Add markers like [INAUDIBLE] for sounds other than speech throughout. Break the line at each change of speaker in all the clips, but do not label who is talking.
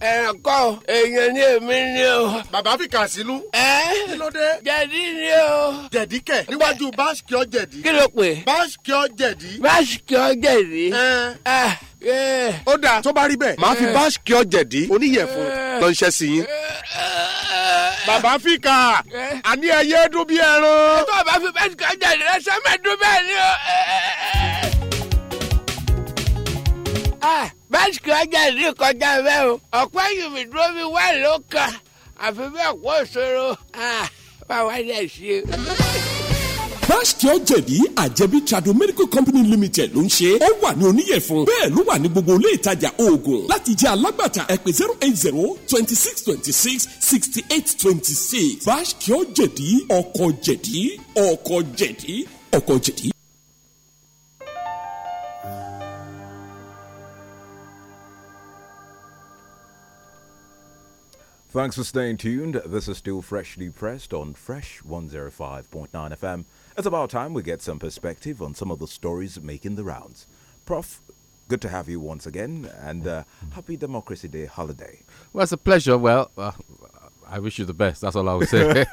ẹran kọ́ èèyàn ni èmi ni o. bàbá fi kà sílú. ẹ kí ló dé. jẹ̀dí ni o. jẹ̀dí kẹ̀ níwájú báṣkìọ́ jẹ̀dí. kí ló pè. báṣkìọ́
jẹ̀dí. báṣkìọ́ jẹ̀dí. ó dáa tó bá rí bẹ́ẹ̀ máa fi báṣkìọ́ jẹ̀dí oníyẹ̀fun lọ́nṣẹ́ sí yín
bàbá fìkà àní ẹyẹ dún bí ẹran. ètò
ọba fi
bẹ́ẹ̀ ká jẹ ìrẹsẹ́ mẹ́ẹ̀ẹ́dún bẹ́ẹ̀ ni o báṣìkì ọjà ní ìkọjá bẹ́ẹ̀ o ọ̀pọ̀ ẹ̀yìn mi dúró mi wá ló àfi bẹ́ẹ̀ kó ṣòro bá wá dẹ̀ ṣe.
Báṣkì ọ̀jẹ̀bí àjẹbí Trado Medical
Company Limited ló ń ṣe. Ó wà ní oníyẹ̀fun. Bẹ́ẹ̀ ló wà ní gbogbo ilé ìtajà oògùn. Láti jẹ́ alágbàtà
ẹ̀pẹ̀ zero eight zero twenty six twenty six sixty eight twenty six. Báṣkì ọ̀jẹ̀bí ọkọ̀ jẹ̀dí ọkọ̀ jẹ̀dí ọkọ̀ jẹ̀dí.
Thanks for staying tuned. This is still freshly pressed on Fresh 105.9 FM. It's about time we get some perspective on some of the stories making the rounds. Prof, good to have you once again and uh, happy Democracy Day holiday.
Well, it's a pleasure. Well, uh, I wish you the best. That's all I would say.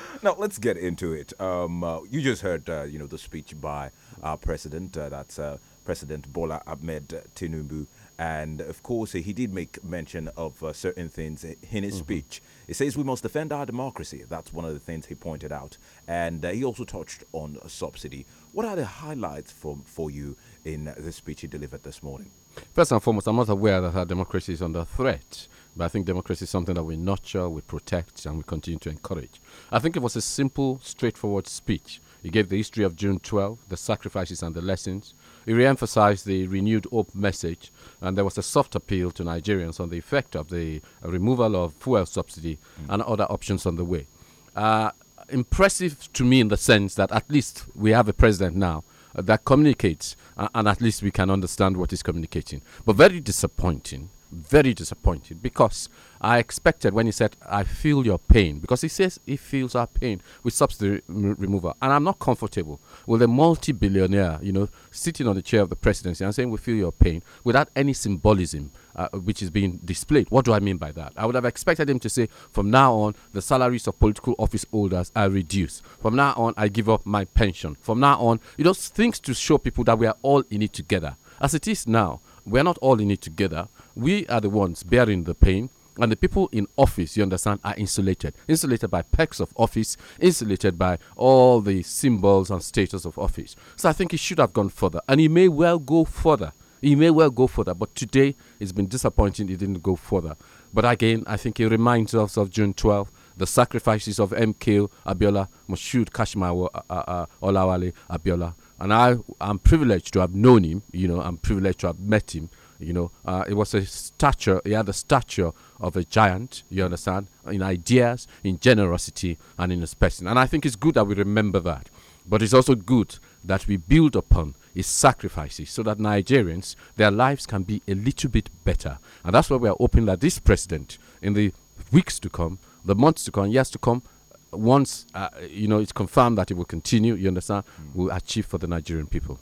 [LAUGHS] [LAUGHS] now, let's get into it. Um, uh, you just heard, uh, you know, the speech by our president. Uh, that's uh, President Bola Ahmed Tinubu. And of course, he did make mention of uh, certain things in his mm-hmm. speech. He says we must defend our democracy. That's one of the things he pointed out. And uh, he also touched on subsidy. What are the highlights from, for you in the speech he delivered this morning?
First and foremost, I'm not aware that our democracy is under threat, but I think democracy is something that we nurture, we protect, and we continue to encourage. I think it was a simple, straightforward speech. He gave the history of June 12, the sacrifices and the lessons. He re-emphasized the renewed hope message, and there was a soft appeal to Nigerians on the effect of the removal of fuel subsidy mm. and other options on the way. Uh, impressive to me in the sense that at least we have a president now uh, that communicates, uh, and at least we can understand what he's communicating. But very disappointing, very disappointing, because I expected when he said, I feel your pain, because he says he feels our pain with subsidy re removal. And I'm not comfortable with a multi billionaire, you know, sitting on the chair of the presidency and saying, We feel your pain without any symbolism. Uh, which is being displayed. What do I mean by that? I would have expected him to say, from now on, the salaries of political office holders are reduced. From now on, I give up my pension. From now on, you know, things to show people that we are all in it together. As it is now, we're not all in it together. We are the ones bearing the pain. And the people in office, you understand, are insulated. Insulated by perks of office, insulated by all the symbols and status of office. So I think he should have gone further. And he may well go further. He may well go further. But today, it's been disappointing he didn't go further. But again, I think he reminds us of June 12th the sacrifices of MK Abiola, Moshood Kashmawa uh, uh, uh, Olawale Abiola. And I am privileged to have known him, you know, I'm privileged to have met him you know, uh, it was a stature. He had the stature of a giant. You understand? In ideas, in generosity, and in his person. And I think it's good that we remember that. But it's also good that we build upon his sacrifices so that Nigerians, their lives can be a little bit better. And that's why we are hoping that this president, in the weeks to come, the months to come, years to come, once uh, you know it's confirmed that it will continue, you understand, mm. will achieve for the Nigerian people.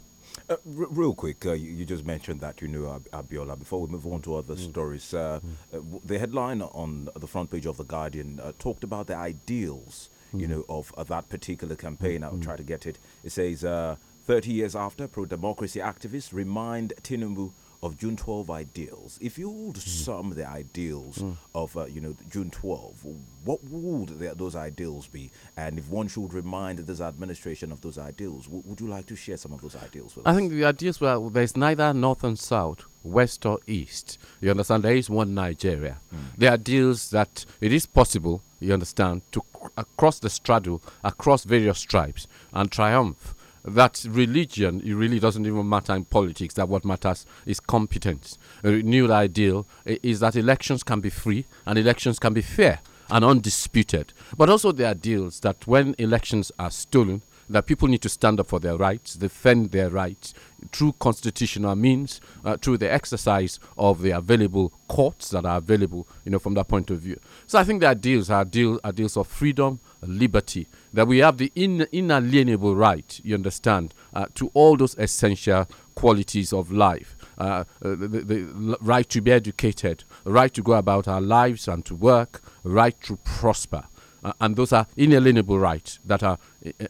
Uh, r- real quick, uh, you, you, just mentioned that you knew Ab- Abiola. Before we move on to other mm. stories, uh, mm. w- the headline on the front page of The Guardian uh, talked about the ideals, mm. you know, of that particular campaign. I'll mm, mm. try to get it. It says, uh, 30 years after, pro-democracy activists remind Tinubu of June 12 ideals, if you would hmm. sum the ideals hmm. of uh, you know June 12, what would the, those ideals be? And if one should remind this administration of those ideals, would you like to share some of those ideals
with I us? I think the ideals were well, there's neither north and south, west or east. You understand? There is one Nigeria. Mm. ideals that it is possible, you understand, to across uh, the straddle, across various tribes, and triumph that religion, it really doesn't even matter in politics, that what matters is competence. A renewed ideal is that elections can be free and elections can be fair and undisputed. But also, there are deals that when elections are stolen, that people need to stand up for their rights, defend their rights through constitutional means, uh, through the exercise of the available courts that are available, you know, from that point of view. So I think the ideals are deals ideals of freedom, liberty, that we have the in, inalienable right, you understand, uh, to all those essential qualities of life. Uh, uh the, the, right to be educated, right to go about our lives and to work, right to prosper. Uh, and those are inalienable rights that are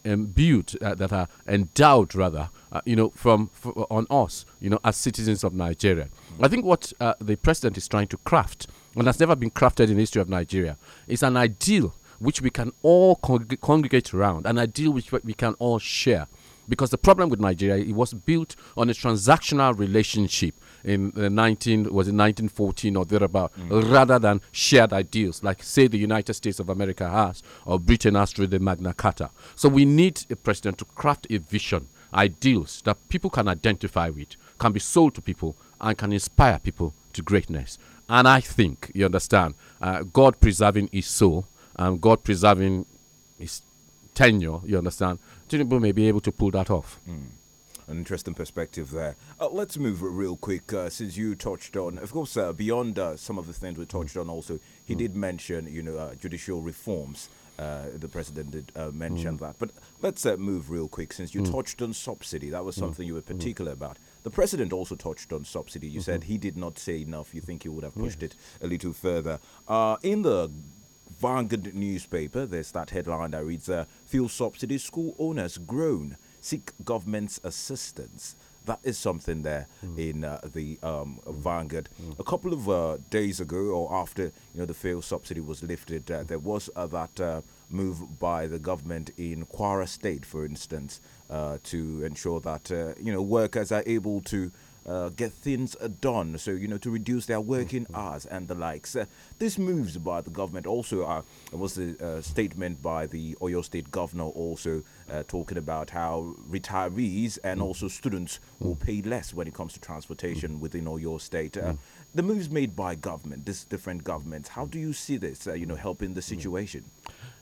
imbued, uh, that are endowed rather, uh, you know, from on us, you know, as citizens of Nigeria. I think what the president is trying to craft, and has never been crafted in the history of Nigeria, is an ideal which we can all congregate around, an ideal which we can all share. Because the problem with Nigeria, it was built on a transactional relationship in the uh, 19 was it 1914 or thereabout, mm. rather than shared ideals like say the United States of America has or Britain has through the Magna Carta. So we need a president to craft a vision, ideals that people can identify with, can be sold to people, and can inspire people to greatness. And I think you understand, uh, God preserving his soul um, God preserving his tenure, you understand, Tinubu may be able to pull that off. Mm. An interesting
perspective there. Uh, let's move real quick uh, since you touched on, of course, uh, beyond uh, some of the things we hmm. touched on. Also, he mm. did mention, you know, uh, judicial reforms. Uh, the president did mention mm. that, but let's move real quick since you hmm. touched on subsidy. That was hmm. something you were particular about. The president also touched on subsidy. You -hmm. said he did not say enough. You think he would have pushed yes. it a little further. in the Vanguard newspaper, there's that headline that reads uh, Fuel subsidy, school owners groan, seek government's assistance. That is something there mm. in uh, the um, hmm. Vanguard. Mm. A couple of uh, days ago, or after you know the fuel subsidy was lifted, uh, there was uh, that uh, move by the government in Kwara State, for instance, uh, to ensure that you know workers are able to uh, get things done. So, you know, to reduce their working mm-hmm. hours and the likes. Uh, these moves by the government also uh, are, was the uh, statement by the Oyo State governor also uh, talking about how retirees and mm. also students will mm. pay less when it comes to transportation mm. within Oyo State. The moves made by government, this different governments, how do you see this, you know, helping the situation?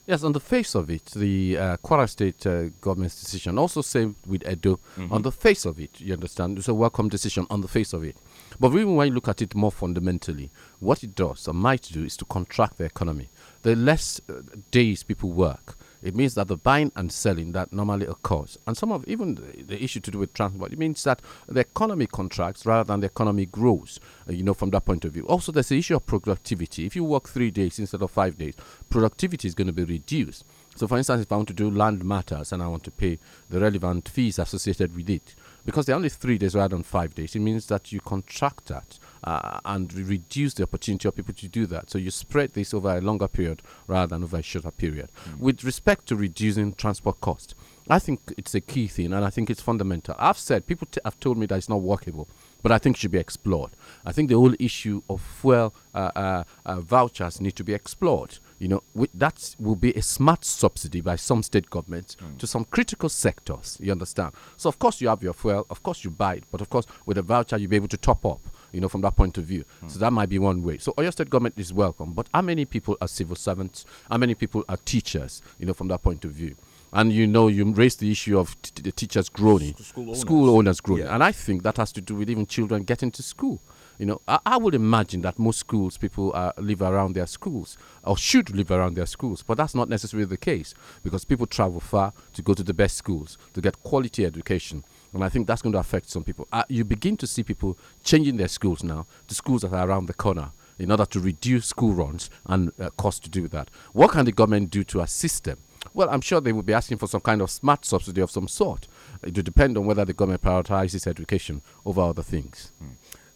Yes, on the face of it, the uh, Kwara State uh, government's decision, also same with Edo, mm -hmm. on the face of it, you understand? It's a welcome decision on the face of it. But even when you look at it more fundamentally, what it does or might do is to contract the economy. The less uh, days people work, it means that the buying and selling that normally occurs, and some of even the, the, issue to do with transport, it means that the economy contracts rather than the economy grows, uh, you know, from that point of view. Also, there's the issue of productivity. If you work three days instead of five days, productivity is going to be reduced. So, for instance, if I want to do land matters and I want to pay the relevant fees associated with it, because they're only three days rather than five days, it means that you contract that uh, and reduce the opportunity of people to do that. So you spread this over a longer period rather than over a shorter period. Mm. With respect to reducing transport cost, I think it's a key thing and I think it's fundamental. I've said, people t- have told me that it's not workable but I think should be explored. I think the whole issue of fuel uh, uh, uh, vouchers need to be explored. You know, we, that will be a smart subsidy by some state governments mm. to some critical sectors. You understand? So of course you have your fuel, of course you buy it, but of course with a voucher you'll be able to top up you know, from that point of view. Mm. So hmm. that might be one way. So Oyo State government is welcome, but how many people are civil servants? How many people are teachers? You know, from that point of view. And you know, you raised the issue of the teachers groaning, school owners, school owners groaning, yeah. and I think that has to do with even children getting to school. You know, I, I, would imagine that most schools people uh, live around their schools or should live around their schools, but that's not necessarily the case because people travel far to go to the best schools to get quality education. And I think that's going to affect some people. Uh, you begin to see people changing their schools now to schools that are around the corner in order to reduce school runs and uh, costs to do that. What can the government do to assist them? Well, I'm sure they will be asking for some kind of smart subsidy of some sort. It will depend on whether the government prioritizes education over other things. Mm.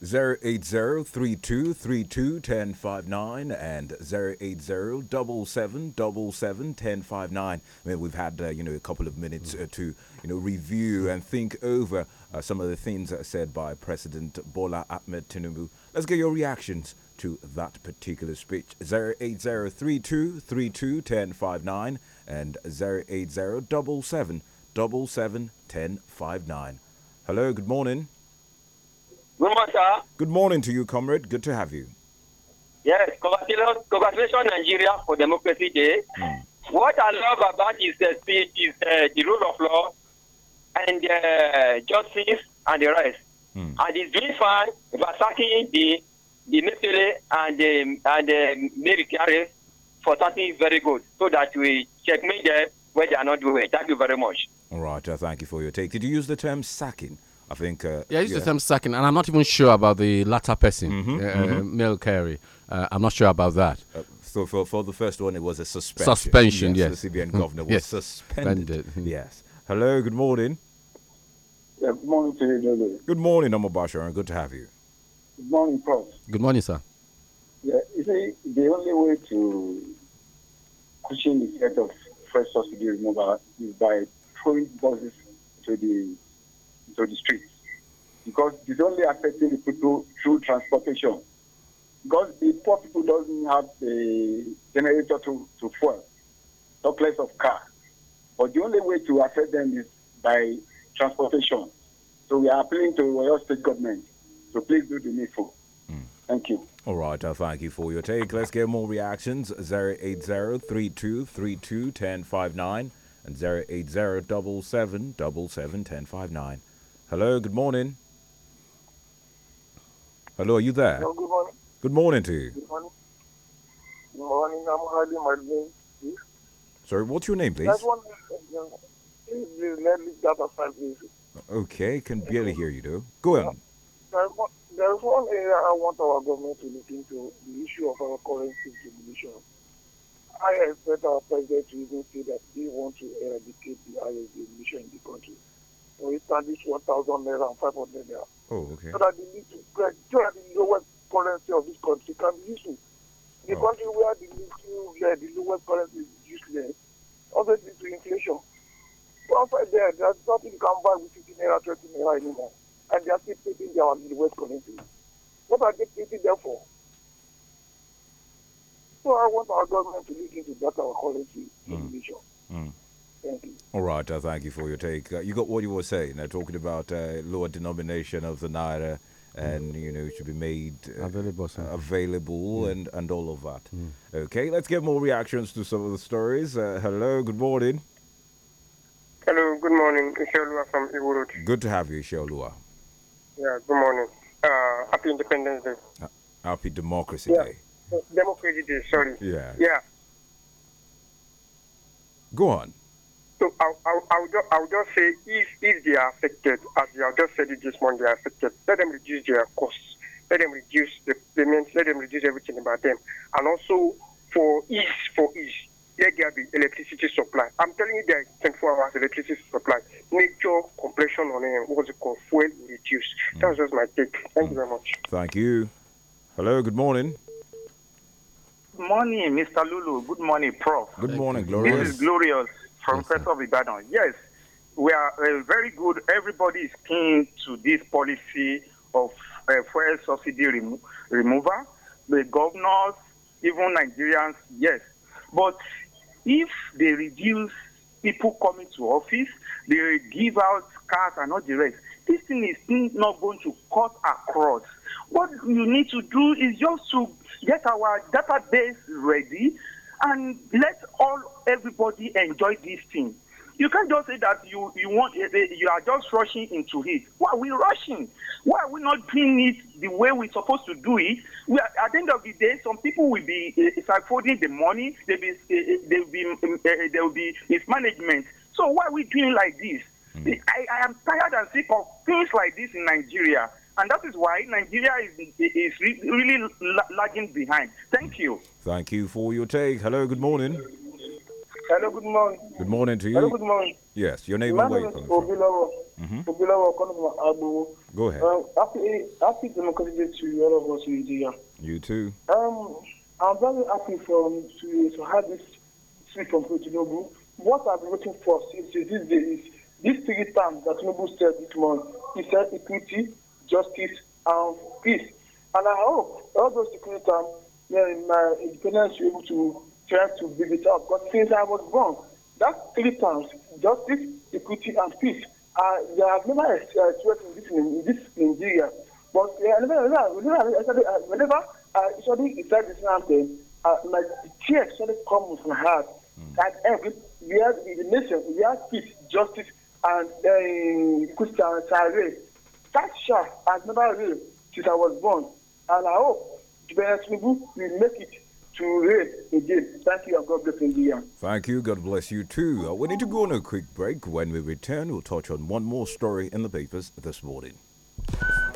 080-3232-1059 and 080-777-1059. I mean, we've had, uh, you know, a couple of minutes uh, to, you know, review and think over uh, some of the things said by President Bola Ahmed Tinubu. Let's get your reactions to that particular speech. 080-3232-1059 and 080-777-1059. Hello, good morning. Good morning, sir. Good morning to you, comrade. Good to have you.
Yes, congratulations, Nigeria, for Democracy Day. Mm. What I love about his uh, speech is uh, the rule of law and uh, justice and the rest. Mm. And it's doing fine sacking the the military and the and the military for something very good, so that we checkmate
them where they are not doing. Thank you very much. All right, uh, thank you for your take. Did you use the term sacking? I think. Uh, yeah, Just yeah. the same
second, and I'm not even sure about the latter person, mm -hmm, uh, mm -hmm. Uh, I'm not sure about that.
Uh, so for, for the first one, it was a suspension. Suspension, yes. yes. The CBN mm-hmm. governor was yes. suspended. Mm-hmm. yes. Hello, good morning. Yeah, good morning to you, David. Good morning, Omar Bashar, good to have you. Good morning, Prof. Good morning, sir.
Yeah, you see, the only way to cushion the threat of fresh subsidy removal is by throwing buses to the to the streets because it's only affecting the people through transportation. Because the poor people doesn't have a generator to, to fuel, no place of car. But the only way to affect them is by transportation. So we are appealing to Royal State Government to so please do the needful. Hmm. Thank you.
All right, uh, thank you for your take. Let's get more reactions. 080-3232-1059 and 080-777-1059. Hello, good morning. Hello, are you there? Hello, good morning. Good morning to you.
Good morning. Good morning. I'm hiding my name,
Sorry, what's your name, please? That's
Please let me please.
Okay, can barely hear you, though. Go on.
There's one, area I want our government to look into the issue of our currency distribution. I expect our president to even say that he wants to eradicate the IS distribution in the country. We ye one thousand naira and five hundred naira. Oh, okay. So that they need to get, the lowest currency of this country can be useful. The oh. country where the little, yeah, the lowest currency is useless, also due to inflation. Outside there, there's nothing you can buy with 15 naira, 20 naira anymore. And they are still taking their lowest currency. What are they taking there for? So I want our government to look into that our currency mm. in the future.
Mm. Thank you. All right, uh, thank you for your take. Uh, you got what you were saying, uh, talking about uh, lower denomination of the naira, and you know it should be made uh, available, available, mm. and and all of that. Mm. Okay, let's get more reactions to some of the stories. Uh, hello, good morning.
Hello, good morning. Isheolua from Iwurut.
Good to have you, Isheolua.
Yeah, good morning. Uh, happy Independence Day.
happy Democracy
yeah. Day. Democracy Day. Sorry. Yeah. Yeah. Go on. So i i i would just, i just say if, if they are affected, as you have just said it this morning, they are affected, let them reduce their costs, let them reduce the payments, let them reduce everything about them. And also for ease, for ease, let there be electricity supply. I'm telling you there is 24 hours electricity supply. Nature compression on uh, eh, what's it called, fuel reduced. That's just my take. Thank you very much.
Thank you. Hello, good morning.
Good morning, Mr. Lulu. Good morning, Prof.
Good morning, Glorious. This is
Glorious. Professor yes, Yes, we are uh, very good. Everybody is keen to this policy of uh, fuel subsidy remo- removal. The governors, even Nigerians, yes. But if they reduce people coming to office, they give out cars and all the rest. This thing is not going to cut across. What you need to do is just to get our database ready and let all everybody enjoy this thing. You can't just say that you you want eh, eh, you are just rushing into it. Why are we rushing? Why are we not doing it the way we're supposed to do it? We are, at the end of the day, some people will be uh, the money. They will be they will be uh, mm, there will be mismanagement. So why are we doing like this? Hmm. I, I am tired and sick of things like this in Nigeria and that is why Nigeria is, is really lagging behind. Thank you.
Thank you for your take. Hello, good morning.
Hello, good morning.
Good morning to you. Hello, good morning. Yes, your name is and where
Obilawo. Mm-hmm. Abu. Go ahead. Um, happy, happy Democratic Day to all of us in Nigeria. You too. Um, I'm very happy from, to, to have this speech from Tinubu. What I've been waiting for since this day is these three terms that Tinubu said this month. He said equity, justice, and peace. And I hope all those three terms yeah, in my independence, you able to try to build it up. But since I was born, that three terms, justice, equity, and peace, uh, they have never experienced uh, in this, in this Nigeria. But uh, whenever, whenever, whenever, whenever like this mountain, uh, my tears sort come from my heart. Mm. every, we have in the nation, we have peace, justice, and uh, Christian That shot has never real since I was born. And I hope Tinubu will make it to reign again. Thank you and God bless India.
Thank you. God bless you too. Uh, we need to go on a quick break. When we return, we'll touch on one more story in the papers this morning.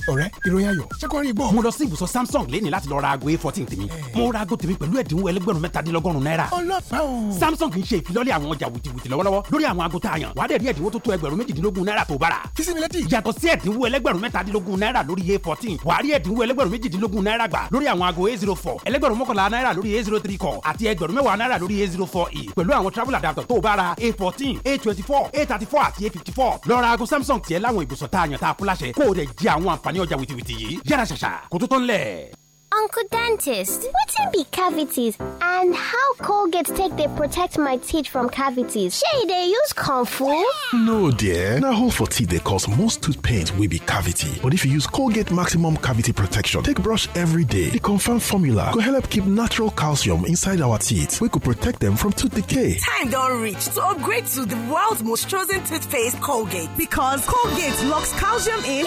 ọ̀rẹ́ ìròyìn ayọ̀ ṣé kò rí gbọ́. mo lọ sí ibùsọ samsung lẹ́ni láti lọ ra aago a fourteen tèmi mo ra aago tèmi pẹ̀lú ẹ̀dínwó ẹlẹ́gbẹ̀rún mẹ́tàdínlọ́gọ́rùn-ún náírà.
ọlọ́pàá o.
samsung ń ṣe ìfilọ́lẹ̀ àwọn ọjà wìtìwìtì lọ́wọ́lọ́wọ́ lórí àwọn aago tá a yàn wàá dẹ̀ rí ẹ̀dínwó tó tó ẹgbẹ̀rún méjìdínlógún náírà tó bára. kìsì mi létí. yàtọ̀ sí ẹ̀dínwó ẹlẹ́gbẹ̀rún mẹ́tàdínlógún a fourteen wàá rí ẹ̀dínwó ẹlẹ́gbẹ̀rún méjìdínlógún náírà gbà lórí àwọn zero four ẹlẹ́gbẹ̀rún mọ́kànlá náírà lórí a zero three kọ àti ẹgbẹ̀rún mẹ́wàá náírà lórí zero four e pẹ̀lú àwọn adapter tó a fourteen a twenty four a thirty four a fifty four lọ ra samsung tiẹ̀ láwọn ibùsọ̀ tá a yàn tá a àǹfààní ọjà wìtìwìtì yìí yára ṣàṣà kó tó tán lẹ̀.
Uncle Dentist, in be cavities and how Colgate take they protect my teeth from cavities? Shey they use Kung Fu?
No dear, Now, hole for teeth they cause most tooth pains will be cavity. But if you use Colgate Maximum Cavity Protection take brush every day, the confirmed formula go help keep natural calcium inside our teeth We could protect them from tooth decay.
Time don't reach to upgrade to the world's most chosen toothpaste Colgate because Colgate locks calcium in.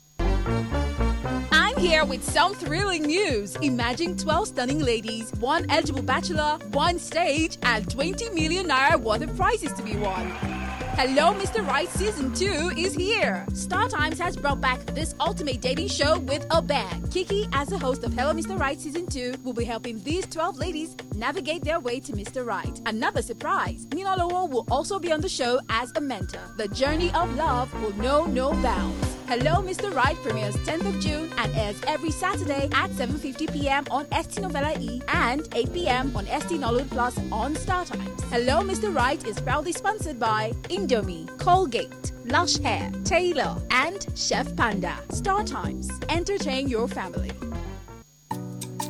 here with some thrilling news. Imagine 12 stunning ladies, one eligible bachelor, one stage, and 20 million naira worth of prizes to be won. Hello, Mr. Right Season 2 is here. Star Times has brought back this ultimate dating show with a bang. Kiki, as the host of Hello, Mr. Right Season 2, will be helping these 12 ladies navigate their way to Mr. Right. Another surprise, Nina Lowell will also be on the show as a mentor. The journey of love will know no bounds. Hello Mr. Right premieres 10th of June and airs every Saturday at 7.50 p.m. on ST Novella E and 8 p.m. on ST Nollywood Plus on StarTimes. Hello Mr. Right is proudly sponsored by Indomie, Colgate, Lush Hair, Taylor and Chef Panda. StarTimes, entertain your family.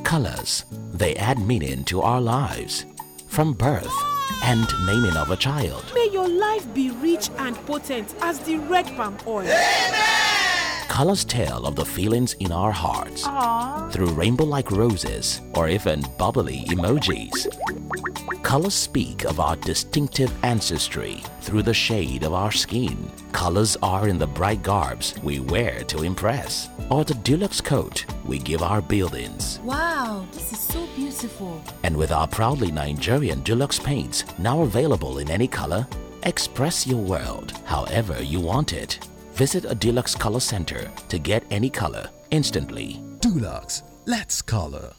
Colors, they add meaning to our lives from birth and naming of a child.
May your life be rich and potent as the red palm oil. Amen
colors tell of the feelings in our hearts
Aww. through
rainbow like roses or even bubbly emojis. Colors speak of our distinctive ancestry through the shade of our skin. Colors are in the bright garbs we wear to impress, or the deluxe coat we give our buildings. Wow, this is so beautiful. And with our proudly Nigerian deluxe paints now available in any color, express your world however you want it. Visit a Dulux Color Center to get any color instantly.
Dulux, let's color.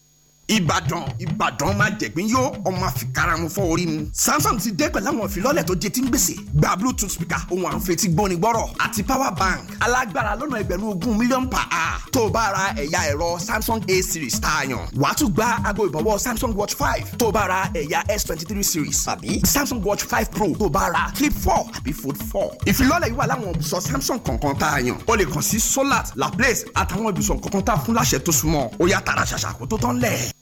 ìbàdàn ìbàdàn máa jẹ̀gbín yó ọmọ àfikàràmù fọ orí mu. samsung ti dé pẹ̀lú àwọn ìfilọ́lẹ̀ tó jẹ tí ń gbèsè gba bluetooth speaker ohun àǹfẹ̀tì gbóni gbọ́rọ̀ àti power bank alágbára lọ́nà ẹgbẹ̀rún ogún mílíọ̀nù pa á tó o bá ra ẹ̀yà ẹ̀rọ samsung a series tá a yàn. wàá tún gba aago ìbọ̀wọ́ samsung watch five tó o bá ra ẹ̀yà s twenty three series àbí samsung watch five pro tó o bá ra clip four àbí fold four. ìfilọ́lẹ̀ yìí wà láwọn ibùsọ̀ samsung kọ̀ọ̀kan tá a yàn. o lè kàn sí solat laplace àtàwọn ibùsọ̀ kọ̀ọ̀kan tá a fún láṣẹ tó súnmọ́ ó yá tààrà ṣàṣà tó tán lẹ̀.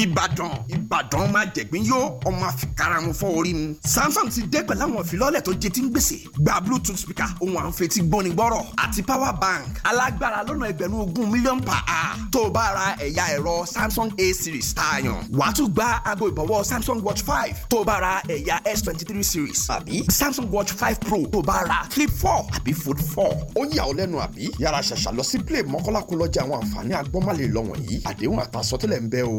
ìbàdàn ìbàdàn máa jẹ̀gbín yó ọmọ àfikara mu fọ́ orí mu. samsung ti dé pẹ̀lú àwọn ìfilọ́lẹ̀ tó jẹ ti ń gbèsè gba bluetooth speaker ohun à ń fetí gbọ́ni gbọ́rọ̀ àti power bank alágbára lọ́nà ẹgbẹ̀rún ogún mílíọ̀nù pa á tó o bá ra ẹ̀yà ẹ̀rọ samsung a series tá a yàn. wàá tún gba aago ìbọ̀wọ́ samsung watch five tó o bá ra ẹ̀yà s twenty three series àbí samsung watch five pro tó o bá ra flip four àbí fold four. ó yà ọ́ lẹ́nu àbí yàrá ṣàṣà lọ sí play mọ́kànlá kó lọ́jà àwọn àǹfààní agbọ́nmọ́lẹ̀ lọ́wọ̀nyí àdéhùn àtàsọ́tẹ́lẹ̀ ń bẹ
o.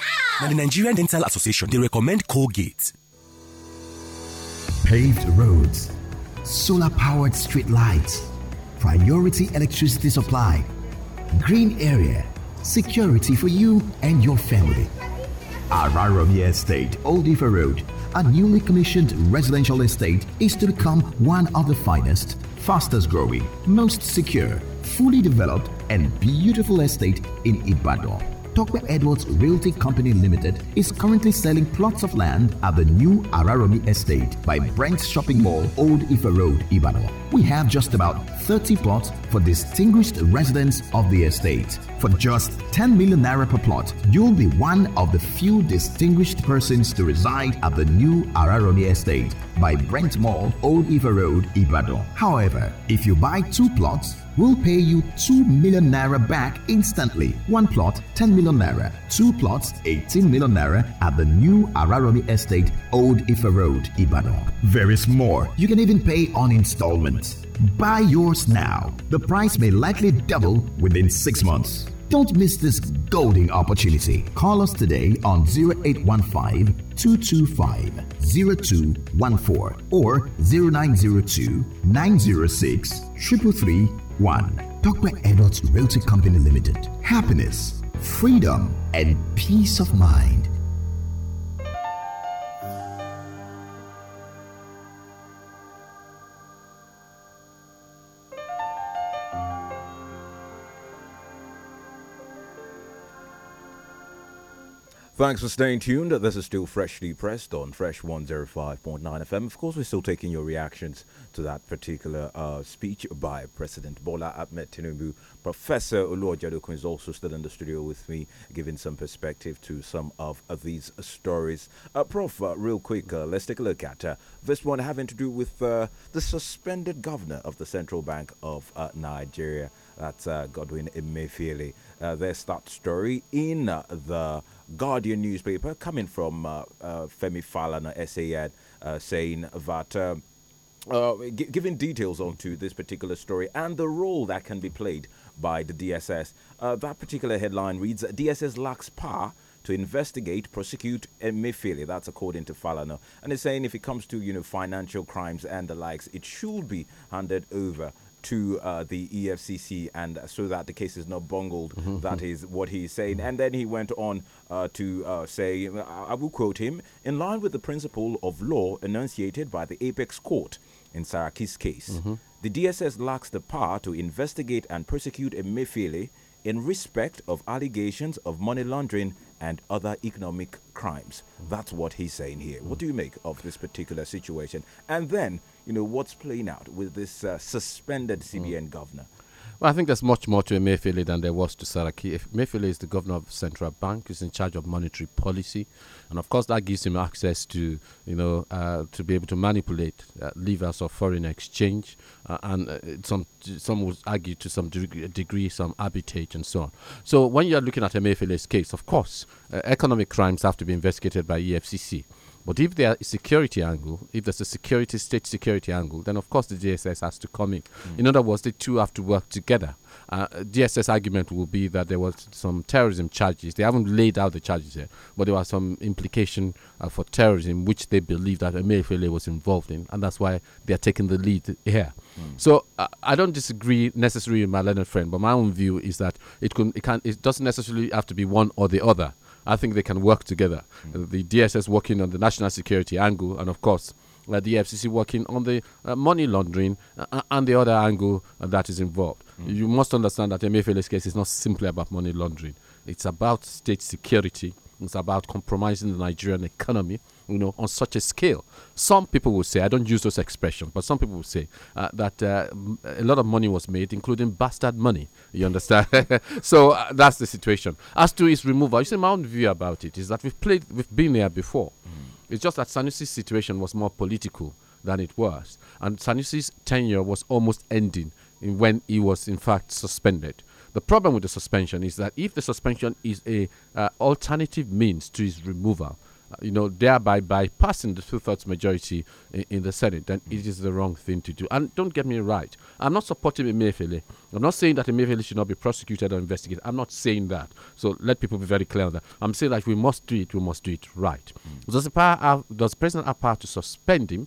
Now, the Nigerian Dental Association, they recommend
Colgate. Paved roads, solar powered street lights, priority electricity supply, green area, security for you and your family. Araromi Estate, Old Ifa Road, a newly commissioned residential estate, is to become one of the finest, fastest growing, most secure, fully developed, and beautiful estate in Ibadan Tokwe Edwards Realty Company Limited is currently selling plots of land at the new Araromi Estate by Brent's Shopping Mall, Old Ife Road, Ibadan. We have just about 30 plots for distinguished residents of the estate. For just 10 million naira per plot, you'll be one of the few distinguished persons to reside at the new Araromi Estate by Brent Mall, Old Ife Road, Ibadan. However, if you buy two plots, We'll pay you 2 million naira back instantly. One plot, 10 million naira. Two plots, 18 million naira at the new Araromi Estate, Old Ifa Road, Ibadan. There is more. You can even pay on installments. Buy yours now. The price may likely double within six months. Don't miss this golden opportunity. Call us today on 0815 225 0214 or 0902 906 333 1. Dr. Edwards Realty Company Limited. Happiness, freedom, and peace of mind.
Thanks for staying tuned. This is still freshly pressed on Fresh 105.9 FM. Of course, we're still taking your reactions to that particular uh, speech by President Bola Ahmed Tinubu. Professor Oluwajadoku is also still in the studio with me, giving some perspective to some of, these stories. Uh, Prof, uh, real quick, uh, let's take a look at uh, this one having to do with uh, the suspended governor of the Central Bank of Nigeria. That's Godwin Emefiele. there's that story in the Guardian newspaper coming from Femi Falana, SAN, saying that. Um, uh, g- giving details onto this particular story and the role that can be played by the DSS. Uh, that particular headline reads DSS lacks power to investigate, prosecute Emefiele. That's according to Falano. And it's saying if it comes to, you know, financial crimes and the likes, it should be handed over to uh, the EFCC, and so that the case is not bungled. Mm-hmm. That mm-hmm. is what he's saying. And then he went on uh, to uh, say, I will quote him, in line with the principle of law enunciated by the apex court in Saraki's case, mm-hmm. the DSS lacks the power to investigate and prosecute a Mifili in respect of allegations of money laundering and other economic crimes. Mm-hmm. That's what he's saying here. What mm-hmm. do you make of this particular situation? And then you know, what's playing out with this uh, suspended CBN mm. governor?
Well, I think there's much more to Emefiele than there was to Saraki. If Emefiele is the governor of central bank, he's in charge of monetary policy, and of course that gives him access to, you know, uh, to be able to manipulate uh, levers of foreign exchange, uh, and uh, some some would argue to some degree some arbitrage and so on. So when you are looking at Emefiele's case, of course, uh, economic crimes have to be investigated by EFCC. But if there is security angle, if there's a security state security angle, then of course the DSS has to come in. Mm. In other words, the two have to work together. Uh, DSS argument will be that there was some terrorism charges. They haven't laid out the charges yet, but there was some implication uh, for terrorism which they believe that Emefiele was involved in, and that's why they are taking the lead here. Mm. So uh, I don't disagree necessarily with my learned friend, but my own view is that it can it can it doesn't necessarily have to be one or the other. I think they can work together. Mm. The DSS working on the national security angle, and of course, uh, the FCC working on the uh, money laundering uh, uh and the other angle uh, that is involved. Mm. You must understand that Emefiele's case is not simply about money laundering; it's about state security about compromising the Nigerian economy, you know, on such a scale. Some people will say, I don't use those expressions, but some people will say uh, that uh, a lot of money was made, including bastard money. You understand? [LAUGHS] so uh, that's the situation. As to his removal, you see, my own view about it is that we've played, we've been there before. Mm. It's just that Sanusi's situation was more political than it was, and Sanusi's tenure was almost ending when he was in fact suspended. The problem with the suspension is that if the suspension is a uh, alternative means to his removal, uh, you know, thereby bypassing the two-thirds majority in, in, the Senate, then it is the wrong thing to do. And don't get me right, I'm not supporting Emefiele. I'm not saying that Emefiele should not be prosecuted or investigated. I'm not saying that. So let people be very clear on that. I'm saying that we must do it, we must do it right. Mm. Does, the power have, does the president have power to suspend him?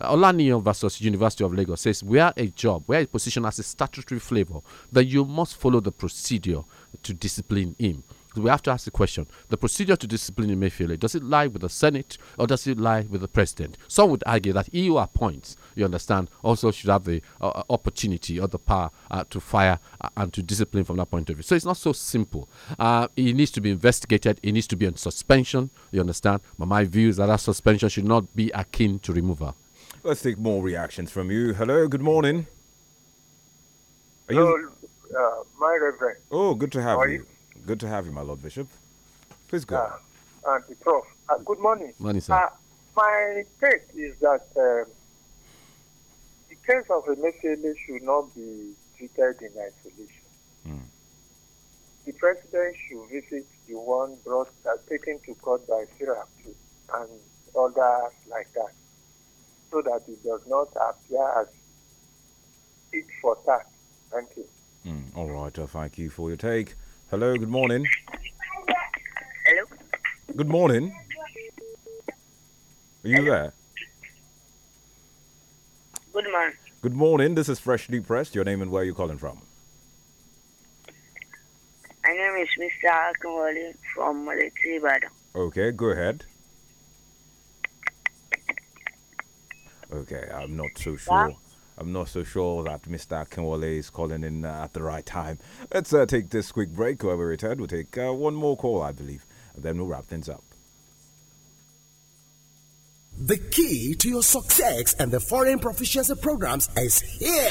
Uh, Olaniyan versus University of Lagos says, where a job, where a position has a statutory flavor, that you must follow the procedure to discipline him. we have to ask the question: the procedure to discipline in Mayfield does it lie with the Senate or does it lie with the President? Some would argue that EU appoints, you understand, also should have the uh, uh opportunity or the power uh, to fire uh, and to discipline from that point of view. So it's not so simple. Uh, it needs to be investigated. It needs to be on suspension. You understand? But my view is that that suspension should not be akin to removal.
Let's take more reactions from you. Hello, good morning. Are Hello, uh, my reverend. Oh, good to have you? you? Good to have you, my Lord Bishop. Please
go. Uh, Auntie Prof. Uh, good morning. Morning, sir. Uh, my take is that um, the case of Emefiele should not be treated in isolation. Mm. The president should visit the one brought, uh, taken to court by Syracuse and others like that so that it does not appear as it for tax. Thank you.
Mm, all right, uh, thank you for your take. Hello, good morning. Hello. Good morning. Are you Hello. there? Good morning. Good morning. This is freshly pressed. Your name and where you calling from?
My name is Mr. Akinwale from Malete,
Okay, go ahead. Okay, I'm not so sure. I'm not so sure that Mr. Akinwale is calling in uh, at the right time. Let's uh, take this quick break. When we return, we'll take uh, one more call, I believe, and then we'll wrap things up. The key to your success and the foreign proficiency programs is here.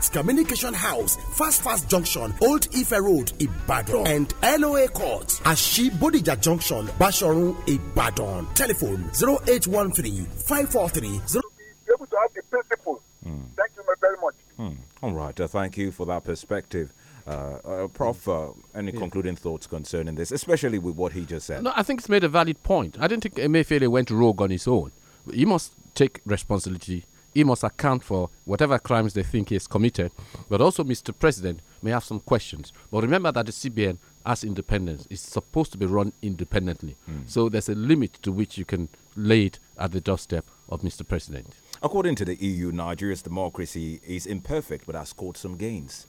at Communication House, Fast Fast Junction, Old Ife Road, Ibadan, and LOA Court, Ashi Bodija Junction, Bashorun, Ibadan. Telephone 0813 543 0 able to have the principles. Mm. Thank
you very much. Mm. All right. Uh, thank you for that perspective. Uh, uh, Prof, uh, any yeah. concluding thoughts concerning this, especially with what he just said?
No, I think it's made a valid point. I don't think Emefiele went rogue on his own. He must take responsibility he must account for whatever crimes they think he has committed. But also, Mr. President may have some questions. But remember that the CBN has independence. It's supposed to be run independently. Mm. So there's a limit to which you can lay it at the doorstep of Mr. President.
According to the EU, Nigeria's democracy
is imperfect but has scored some gains.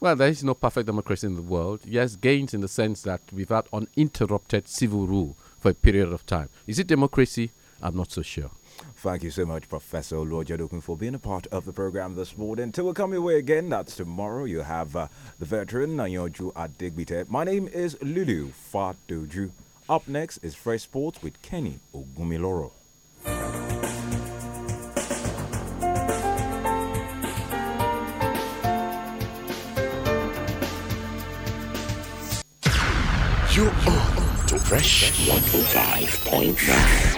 Well, there is no perfect democracy in the world. Yes, gains in the sense that we've had uninterrupted civil rule for a period of time. Is it democracy? I'm not so sure.
Thank you so much, Professor Lord Olojadokun, for being a part of the program this morning. Till we come your way again, that's tomorrow. You have uh, the veteran Nanyoju Adigbite. My name is Lulu Fatoju. Up next is Fresh Sports with Kenny Ogumiloro.
You're on to Fresh 105.9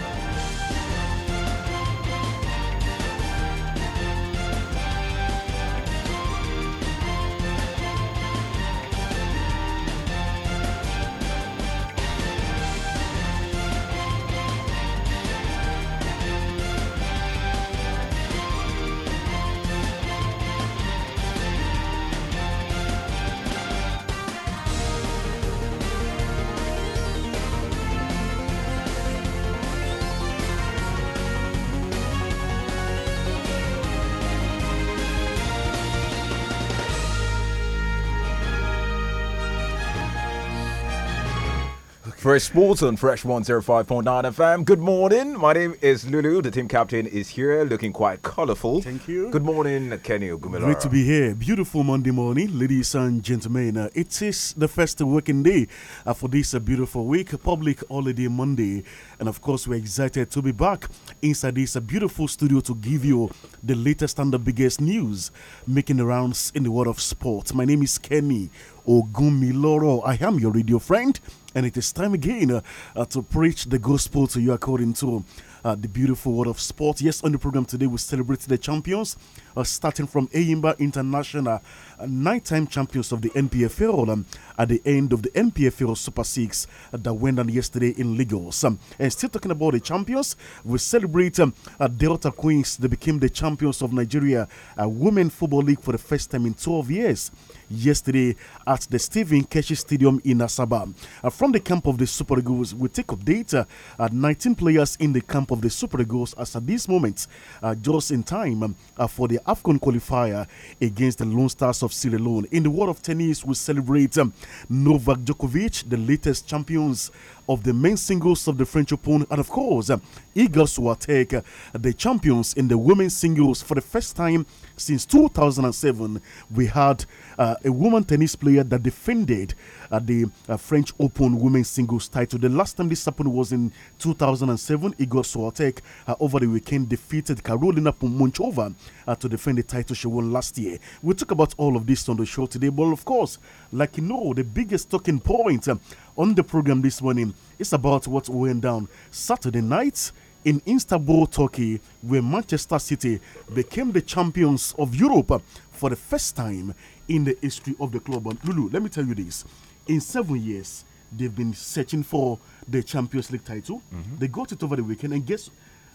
Very Sports on Fresh 105.9 FM. Good morning. My name is Lulu. The team captain is here looking quite colorful. Thank you. Good morning, Kenny Ogumiloro. Great to be
here. Beautiful Monday morning, ladies and gentlemen. Uh, it is the first working day uh, for this uh, beautiful week, public holiday Monday. And of course, we're excited to be back inside this uh, beautiful studio to give you the latest and the biggest news making the rounds in the world of sports. My name is Kenny Ogumiloro. I am your radio friend. And it is time again uh, uh, to preach the gospel to you according to uh, the beautiful world of sport. Yes, on the program today, we celebrate the champions, uh, starting from Eyimba International, uh, nighttime champions of the NPFL um, at the end of the NPFL Super Six uh, that went on yesterday in Lagos. Um, and still talking about the champions, we celebrate um, Delta Queens. They became the champions of Nigeria Women Football League for the first time in 12 years yesterday at the Stephen Keshi Stadium in Asaba. Uh, from the camp of the Super Eagles, we take update uh, at 19 players in the camp of the Super Eagles as at this moment, uh, just in time uh, for the AFCON qualifier against the Lone Stars of Sierra Leone. In the world of tennis, we celebrate um, Novak Djokovic, the latest champions of the main singles of the French Open, and of course, um, uh, will take the champions in the women's singles for the first time since 2007, we had uh, a woman tennis player that defended uh, the uh, French Open women's singles title. The last time this happened was in 2007. Igor Swiatek uh, over the weekend defeated Karolina Pumunchova uh, to defend the title she won last year. We'll talk about all of this on the show today, but of course, like you know, the biggest talking point uh, on the program this morning is about what went down Saturday night in Istanbul, Turkey, where Manchester City became the champions of Europe for the first time in the history of the club. And Lulu, let me tell you this. In seven years, they've been searching for the Champions League title. Mm -hmm. They got it over the weekend, and guess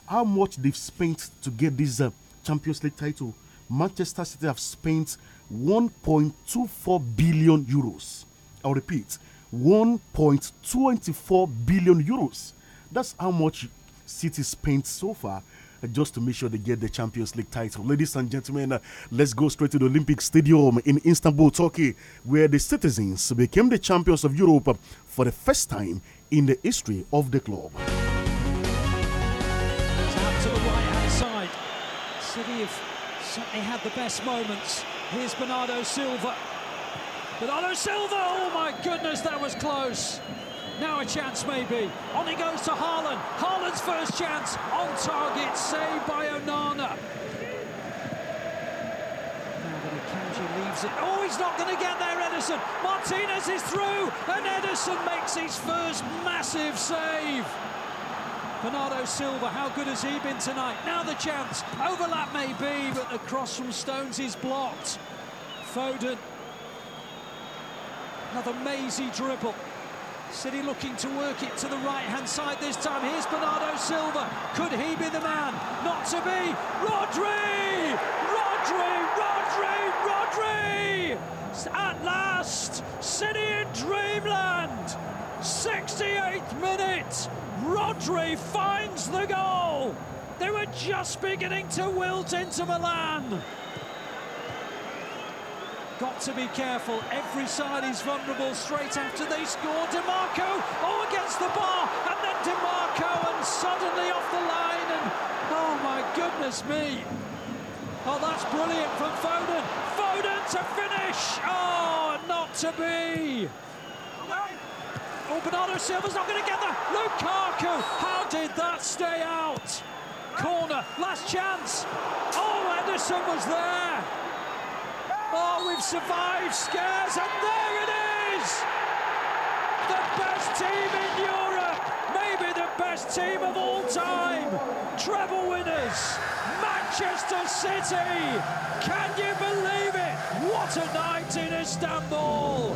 how much they've spent to get this uh, Champions League title? Manchester City have spent 1.24 billion euros. I'll repeat, 1.24 billion euros. That's how much paint so far uh, just to make sure they get the Champions League title. Ladies and gentlemen, uh, let's go straight to the Olympic Stadium in Istanbul, Turkey, where the citizens became the champions of Europe for the first time in the history of the club.
Out to the right hand side, City have certainly had the best moments. Here's Bernardo Silva. Bernardo Silva, oh my goodness, that was close. Now a chance maybe. On he goes to Haaland. Haaland's first chance on target, saved by Onana. Now that leaves it. Oh, he's not going to get there, Edison. Martinez is through, and Edison makes his first massive save. Bernardo Silva, how good has he been tonight? Now the chance. Overlap may be, but the cross from Stones is blocked. Foden. Another mazy dribble. City looking to work it to the right-hand side this time. Here's Bernardo Silva. Could he be the man? Not to be. Rodri! Rodri! Rodri! Rodri! At last, City in dreamland. 68th minute. Rodri finds the goal. They were just beginning to wilt into Milan. Got to be careful. Every side is vulnerable straight after they score. DeMarco, oh, against the bar, and then DeMarco, and suddenly off the line, and oh my goodness me. Oh, that's brilliant from Foden. Foden to finish. Oh, not to be. Oh, Bernardo Silva's not going to get that. Lukaku, how did that stay out? Corner, last chance. Oh, Anderson was there. Oh, we've survived scares, and there it is! The best team in Europe, maybe the best team of all time. Treble winners, Manchester City. Can you believe it? What a night in Istanbul!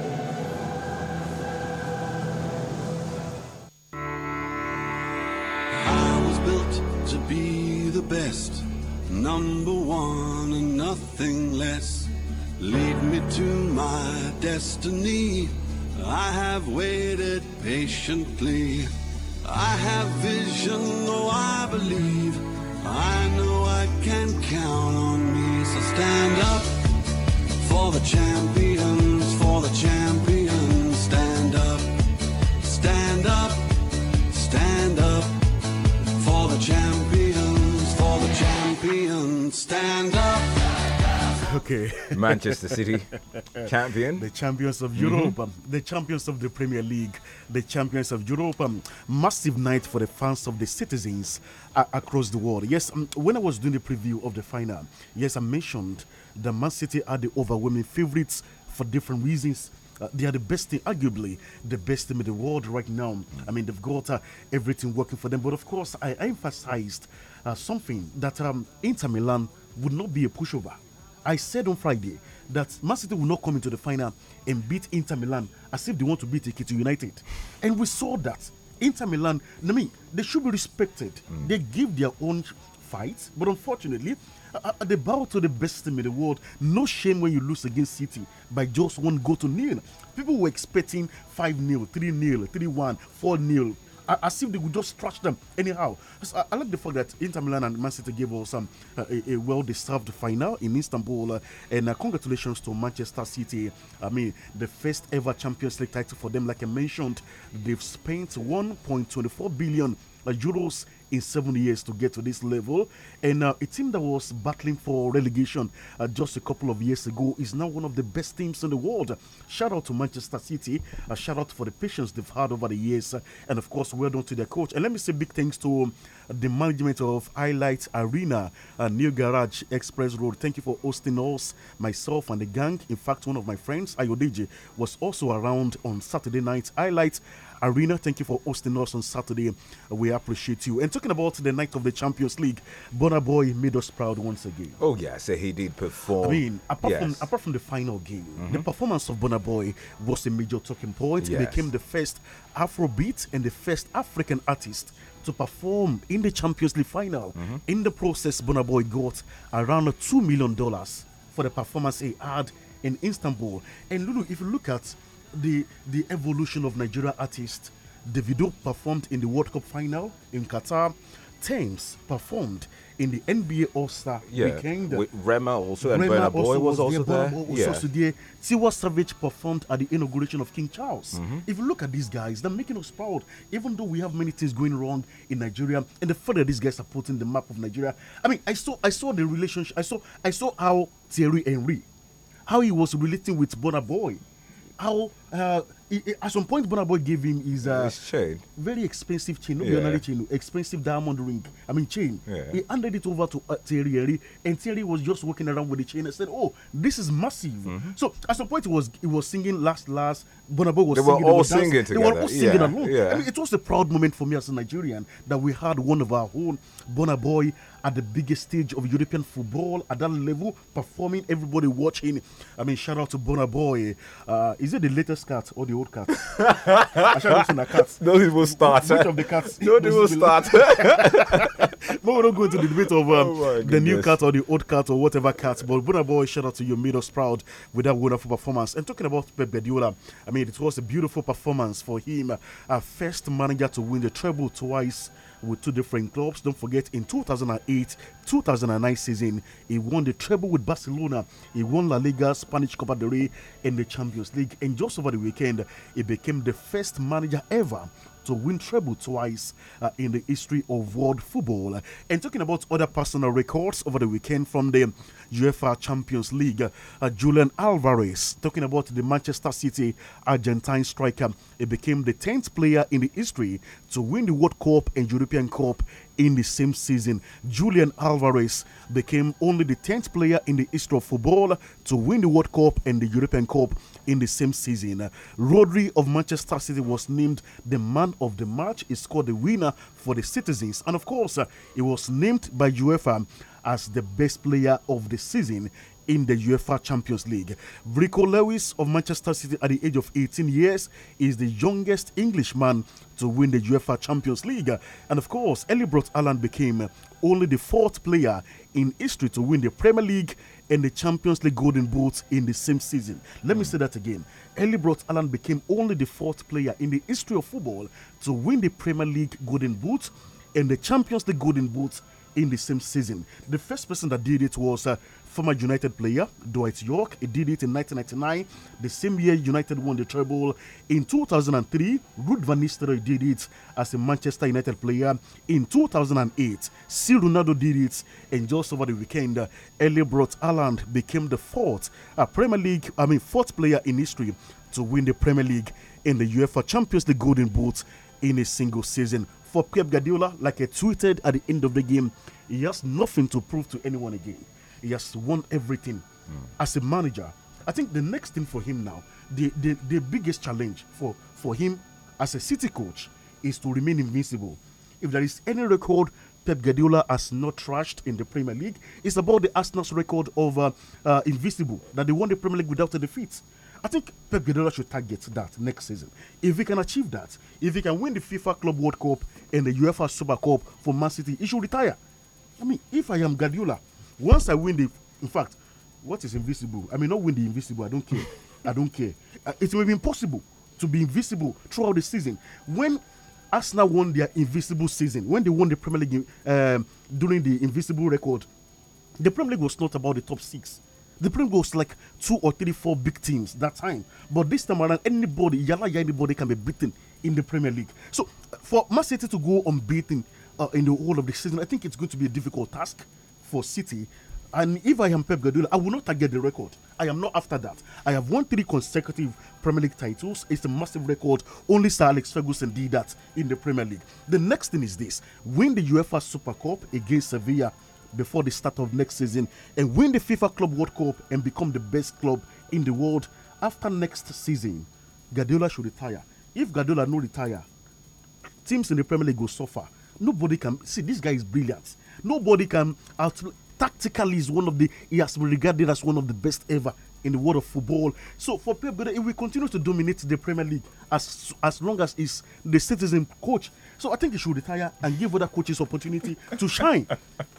I was built to be the best, number one and nothing less. Lead me to my destiny. I have waited patiently. I have vision, though I believe. I know I can count on me. So stand up for the champions, for the champions. Stand up, stand up, stand up for the champions, for the
champions. Stand up. [LAUGHS] Okay. Manchester City, champion. The champions of mm -hmm. Europe,
mm-hmm. the champions of the Premier League, the champions of Europe. Um, massive night for the fans of the citizens uh, across the world. Yes, um, when I was doing the preview of the final, yes, I mentioned that Man City are the overwhelming favorites for different reasons. Uh, they are the best team, arguably the best team in the world right now. I mean, they've got uh, everything working for them. But of course, I emphasized uh, something that um, Inter Milan would not be a pushover. I said on Friday that Man City will not come into the final and beat Inter Milan as if they want to beat Ekiti United. And we saw that Inter Milan, I mean, they should be respected. Mm. They give their own fight, but unfortunately, uh, uh they bow to the best team in the world. No shame when you lose against City by just one goal to nil. People were expecting 5 0, 3 0, 3 1, 4 0 as if they would just scratch them anyhow. I, I, like the fact that Inter Milan and Man City gave us um, a, a well-deserved final in Istanbul, uh, and uh, congratulations to Manchester City. I mean, the first ever Champions League title for them. Like I mentioned, they've spent 1.24 billion uh, euros in seven years to get to this level. And uh, a team that was battling for relegation uh, just a couple of years ago is now one of the best teams in the world. Shout out to Manchester City. Uh, shout out for the patience they've had over the years. Uh, and of course, well done to their coach. And let me say big thanks to um, the management of Highlight Arena, uh, New Garage Express Road. Thank you for hosting us, myself, and the gang. In fact, one of my friends, Ayodeji, was also around on Saturday night. Highlight Arena. Thank you for hosting us on Saturday. We appreciate you. And talking about the night of the Champions League, Bonaboy made us proud once again.
Oh, yeah, so he did perform. I mean, apart, yes. from,
apart from the final game, mm -hmm. the mm-hmm. performance of Bonaboy was a major talking point. Yes. He became the first Afrobeat and the first African artist to perform in the Champions League final. Mm -hmm. In the process, Bonaboy got around $2 million for the performance he had in Istanbul. And Lulu, if you look at the the evolution of Nigeria artists. Davido performed in the World Cup final in Qatar. Thames performed in the NBA All Star yeah, weekend. With Rema also and Rema Boy was, was, also there. there. Was yeah. also there. Tiwa Savage performed at the inauguration of King Charles. Mm -hmm. If you look at these guys, they're making us proud. Even though we have many things going wrong in Nigeria, and the further these guys are putting the map of Nigeria, I mean, I saw, I saw the relationship. I saw, I saw how Thierry Henry, how he was relating with Bonner Boy oh, uh, he, he, at some point, Bonaboy gave him his, uh, his chain, very expensive chain, not yeah. ordinary chain, expensive diamond ring. I mean chain. Yeah. He handed it over to uh, Thierry, and Thierry was just walking around with the chain and said, "Oh, this is massive." Mm -hmm. So at some point, he was he was singing last last. Bonaboy was they singing. Were all singing together. They were all singing yeah. along. Yeah. I mean, it was a proud moment for me as a Nigerian that we had one of our own Bonaboy at the biggest stage of European football at that level, performing. Everybody watching. I mean, shout out to Bonaboy. Uh, is it the latest cut or the old cat. [LAUGHS] Actually, I've seen a cat. Don't even start. Which of the cats? Don't even start. [LAUGHS] no, we don't go into the debate of um, oh the new cat or the old cat or whatever cat. But Buddha Boy, shout out to you, made us proud with that wonderful performance. And talking about Pep Guardiola, I mean, it was a beautiful performance for him. Our uh, first manager to win the treble twice with two different clubs. Don't forget, in 2008 2009 season, he won the treble with Barcelona, he won La Liga, Spanish Copa del Rey, and the Champions League. And just over the weekend, he became the first manager ever to win treble twice uh, in the history of world football. And talking about other personal records over the weekend from the UEFA Champions League, uh, Julian Alvarez, talking about the Manchester City Argentine striker, he became the 10th player in the history to win the World Cup and European Cup in the same season. Julian Alvarez became only the 10th player in the history of football to win the World Cup and the European Cup in the same season. Rodri of Manchester City was named the man of the match. He scored the winner for the citizens. And of course, he was named by UEFA as the best player of the season in the UEFA Champions League. Rico Lewis of Manchester City, at the age of 18 years, is the youngest Englishman to win the UEFA Champions League. And of course, Elibrot Alan became only the fourth player in history to win the Premier League and the Champions League Golden Boots in the same season. Let mm. me say that again. Elibrot Alan became only the fourth player in the history of football to win the Premier League Golden Boot and the Champions League Golden Boot in the same season. The first person that did it was uh, former United player, Dwight York. He did it in 1999, the same year United won the treble. In 2003, Ruud van Nistelrooy did it as a Manchester United player. In 2008, C. Ronaldo did it, and just over the weekend, uh, Eli brought became the fourth uh, Premier League, I mean, fourth player in history to win the Premier League in the UEFA Champions League Golden Boot in a single season. For Pep Guardiola, like I tweeted at the end of the game, he has nothing to prove to anyone again. He has won everything mm. as a manager. I think the next thing for him now, the, the, the biggest challenge for, for him as a City coach is to remain invincible. If there is any record Pep Guardiola has not trashed in the Premier League, it's about the Arsenal's record of uh, uh, invincible that they won the Premier League without a defeat. I think Pep Guardiola should target that next season. If he can achieve that, if he can win the FIFA Club World Cup and the UEFA Super Cup for Man City, he should retire. I mean, if I am Guardiola, once I win the, in fact, what is invisible? I may not win the invisible. I don't care. [LAUGHS] I don't care. Uh, it will be impossible to be invisible throughout the season. When Arsenal won their invisible season, when they won the Premier League um, during the invisible record, the Premier League was not about the top six. The Premier League was like two or three, four big teams that time. But this time around, anybody, yala, anybody can be beaten in the Premier League. So uh, for Man City to go unbeaten uh, in the whole of the season, I think it's going to be a difficult task for City. And if I am Pep Guardiola, I will not target the record. I am not after that. I have won three consecutive Premier League titles. It's a massive record. Only Sir Alex Ferguson did that in the Premier League. The next thing is this win the UEFA Super Cup against Sevilla before the start of next season and win the FIFA Club World Cup and become the best club in the world after next season. Guardiola should retire. If Guardiola no retire, teams in the Premier League will suffer. Nobody can see this guy is brilliant. Nobody can out tactically is one of the he has been regarded as one of the best ever in the world of football. So for Pep Guardiola, he will continue to dominate the Premier League as as long as he's the citizen coach. So I think he should retire and give other coaches opportunity to [LAUGHS] shine.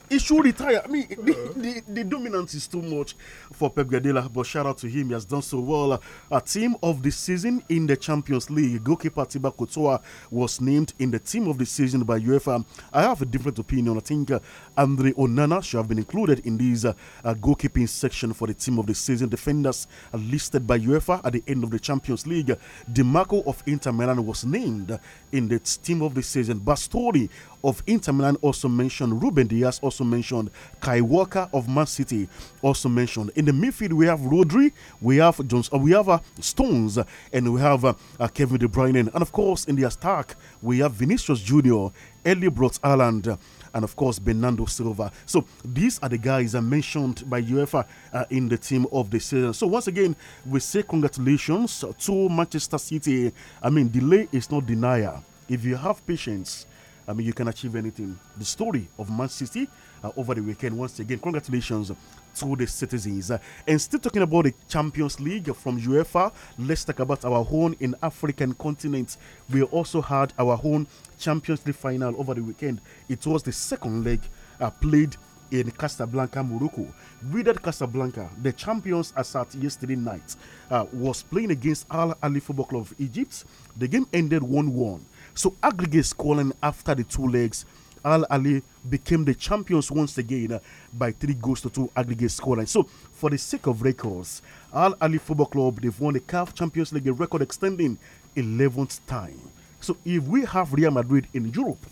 he should retire. I mean, the, the, the, dominance is too much for Pep Guardiola, but shout out to him. He has done so well. a team of the season in the Champions League. Goalkeeper Tiba Kotoa was named in the team of the season by UEFA. I have a different opinion. I think uh, Andre Onana should have been included in this uh, uh goalkeeping section for the team of the season. Defense defenders listed by UEFA at the end of the Champions League. DiMarco of Inter Milan was named in the team of the season. Bastoni of Inter Milan also mentioned. Ruben Diaz also mentioned. Kai Walker of Man City also mentioned. In the midfield, we have Rodri, we have Jones, uh, we have uh, Stones, and we have uh, uh Kevin De Bruyne. And of course, in the attack, we have Vinicius Junior, Ellie Brot Island and of course Bernardo Silva. So these are the guys are mentioned by UEFA uh, in the team of the season. So once again, we say congratulations to Manchester City. I mean, delay is not denial. If you have patience, I mean, you can achieve anything. The story of Manchester City uh, over the weekend. Once again, congratulations to the citizens. Uh, and still talking about the Champions League from UEFA, let's talk about our own in African continent. We also had our own Champions League final over the weekend. It was the second leg uh, played in Casablanca, Morocco. did Casablanca, the champions as at yesterday night, uh, was playing against Al Ali Football Club of Egypt. The game ended 1 1. So aggregate scoring after the two legs Al Ali became the champions once again uh, by three goals to two aggregate scoreline. So, for the sake of records, Al Ali Football Club they've won the CAF Champions League record extending 11th time. So, if we have Real Madrid in Europe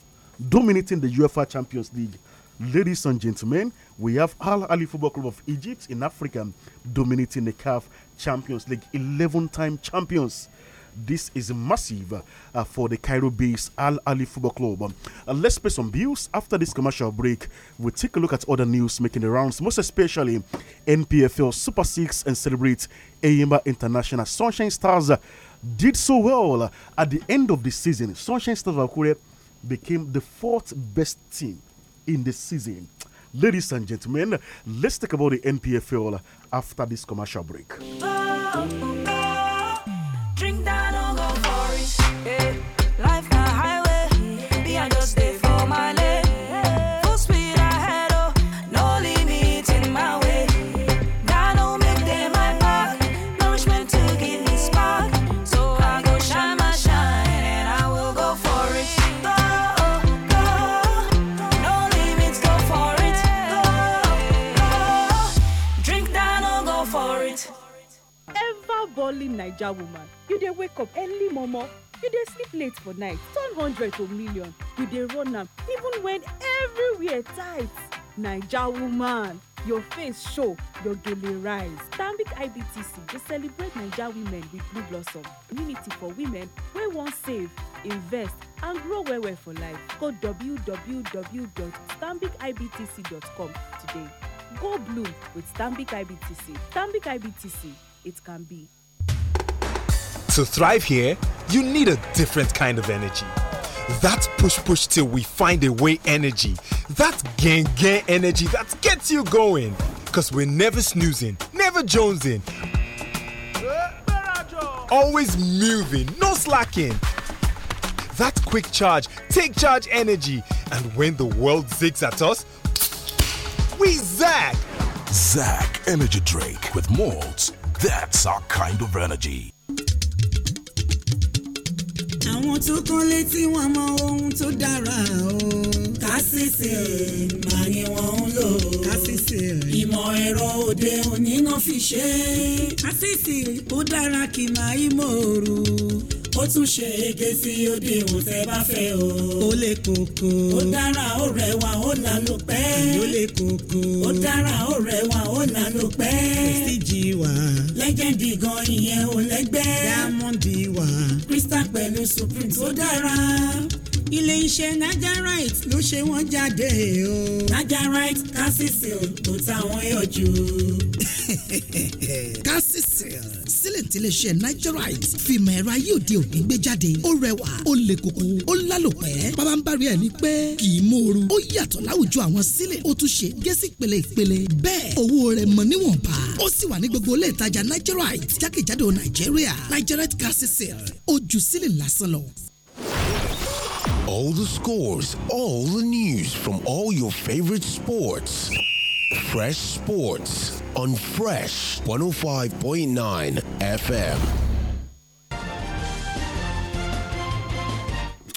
dominating the UEFA Champions League, ladies and gentlemen, we have Al Ali Football Club of Egypt in Africa dominating the CAF Champions League, 11 time champions this is massive uh, for the Cairo based Al Ali Football Club. Uh, let's pay some bills. After this commercial break, we'll take a look at other news making the rounds, most especially NPFL Super 6 and celebrate Aimba International. Sunshine Stars uh, did so well uh, at the end of the season. Sunshine Stars of Korea became the fourth best team in the season. Ladies and gentlemen, let's talk about the NPFL after this commercial break.
Oh,
natural woman you dey wake up early momo you dey sleep late for night turn hundred to million you dey run am even when everywhere tight naija woman your face show your gele rise stanbic ibtc dey celebrate naija women with blue blossom community for women wey wan save invest and grow well well for life go www.stanbicibtc.com today go bloom with stanbic ibtc stanbic ibtc it can be.
To thrive
here, you need a different kind of energy. That push push till we find a way energy. That gang gang energy that gets you going. Cause we're never snoozing, never jonesing. Always moving, no slacking. That quick charge, take charge energy. And when the world zigs at us, we zag. Zag Energy Drake with moles. That's our kind of energy.
àwọn tó kán létí wọn mọ ohun tó dára o. kásìsì màá ni wọ́n ń lò. kásìsì ìmọ̀ ẹ̀rọ òde òní náà fi ṣe é. kásìsì ó dára kì máa í mòrú ó tún ṣe ege sí odi ìwò tẹ bá fẹ́ o. ó
lè kókó. ó
dára ó rẹwà ó lànà pẹ́. ó lè kókó. ó dára ó rẹwà ó lànà
pẹ́. èsì
jì wá. lẹ́gẹ̀dì gan ìyẹn ò lẹ́gbẹ́. dáàmọ́ndì wá. crystal pẹ̀lú supreme tó dára ilé iṣẹ́ Nigerite ló ṣe wọ́n jáde o. Nigerite calcicil tó táwọn yọjú. [LAUGHS] calcicil lè nigerite fìmọ̀ ẹ̀rọ ayé òde òní gbé jáde ó rẹwà ó le koko ó lálòpẹ́ bàbá ń bari ẹ̀ ní pẹ́ kì í mòoru ó yàtọ̀ láwùjọ àwọn sílẹ̀ ó tún ṣe gẹ́sì pèlè ìpèlè bẹ́ẹ̀ owó rẹ̀ mọ̀ níwọ̀nba ó sì wà ní gbogbo ilé ìtajà nigerite jákèjádò nàìjíríà nigerite gas sale ojú sílẹ̀ lásán lọ.
All the scores, all the
news from all your favorite sports. Fresh Sports on
Fresh 105.9 FM.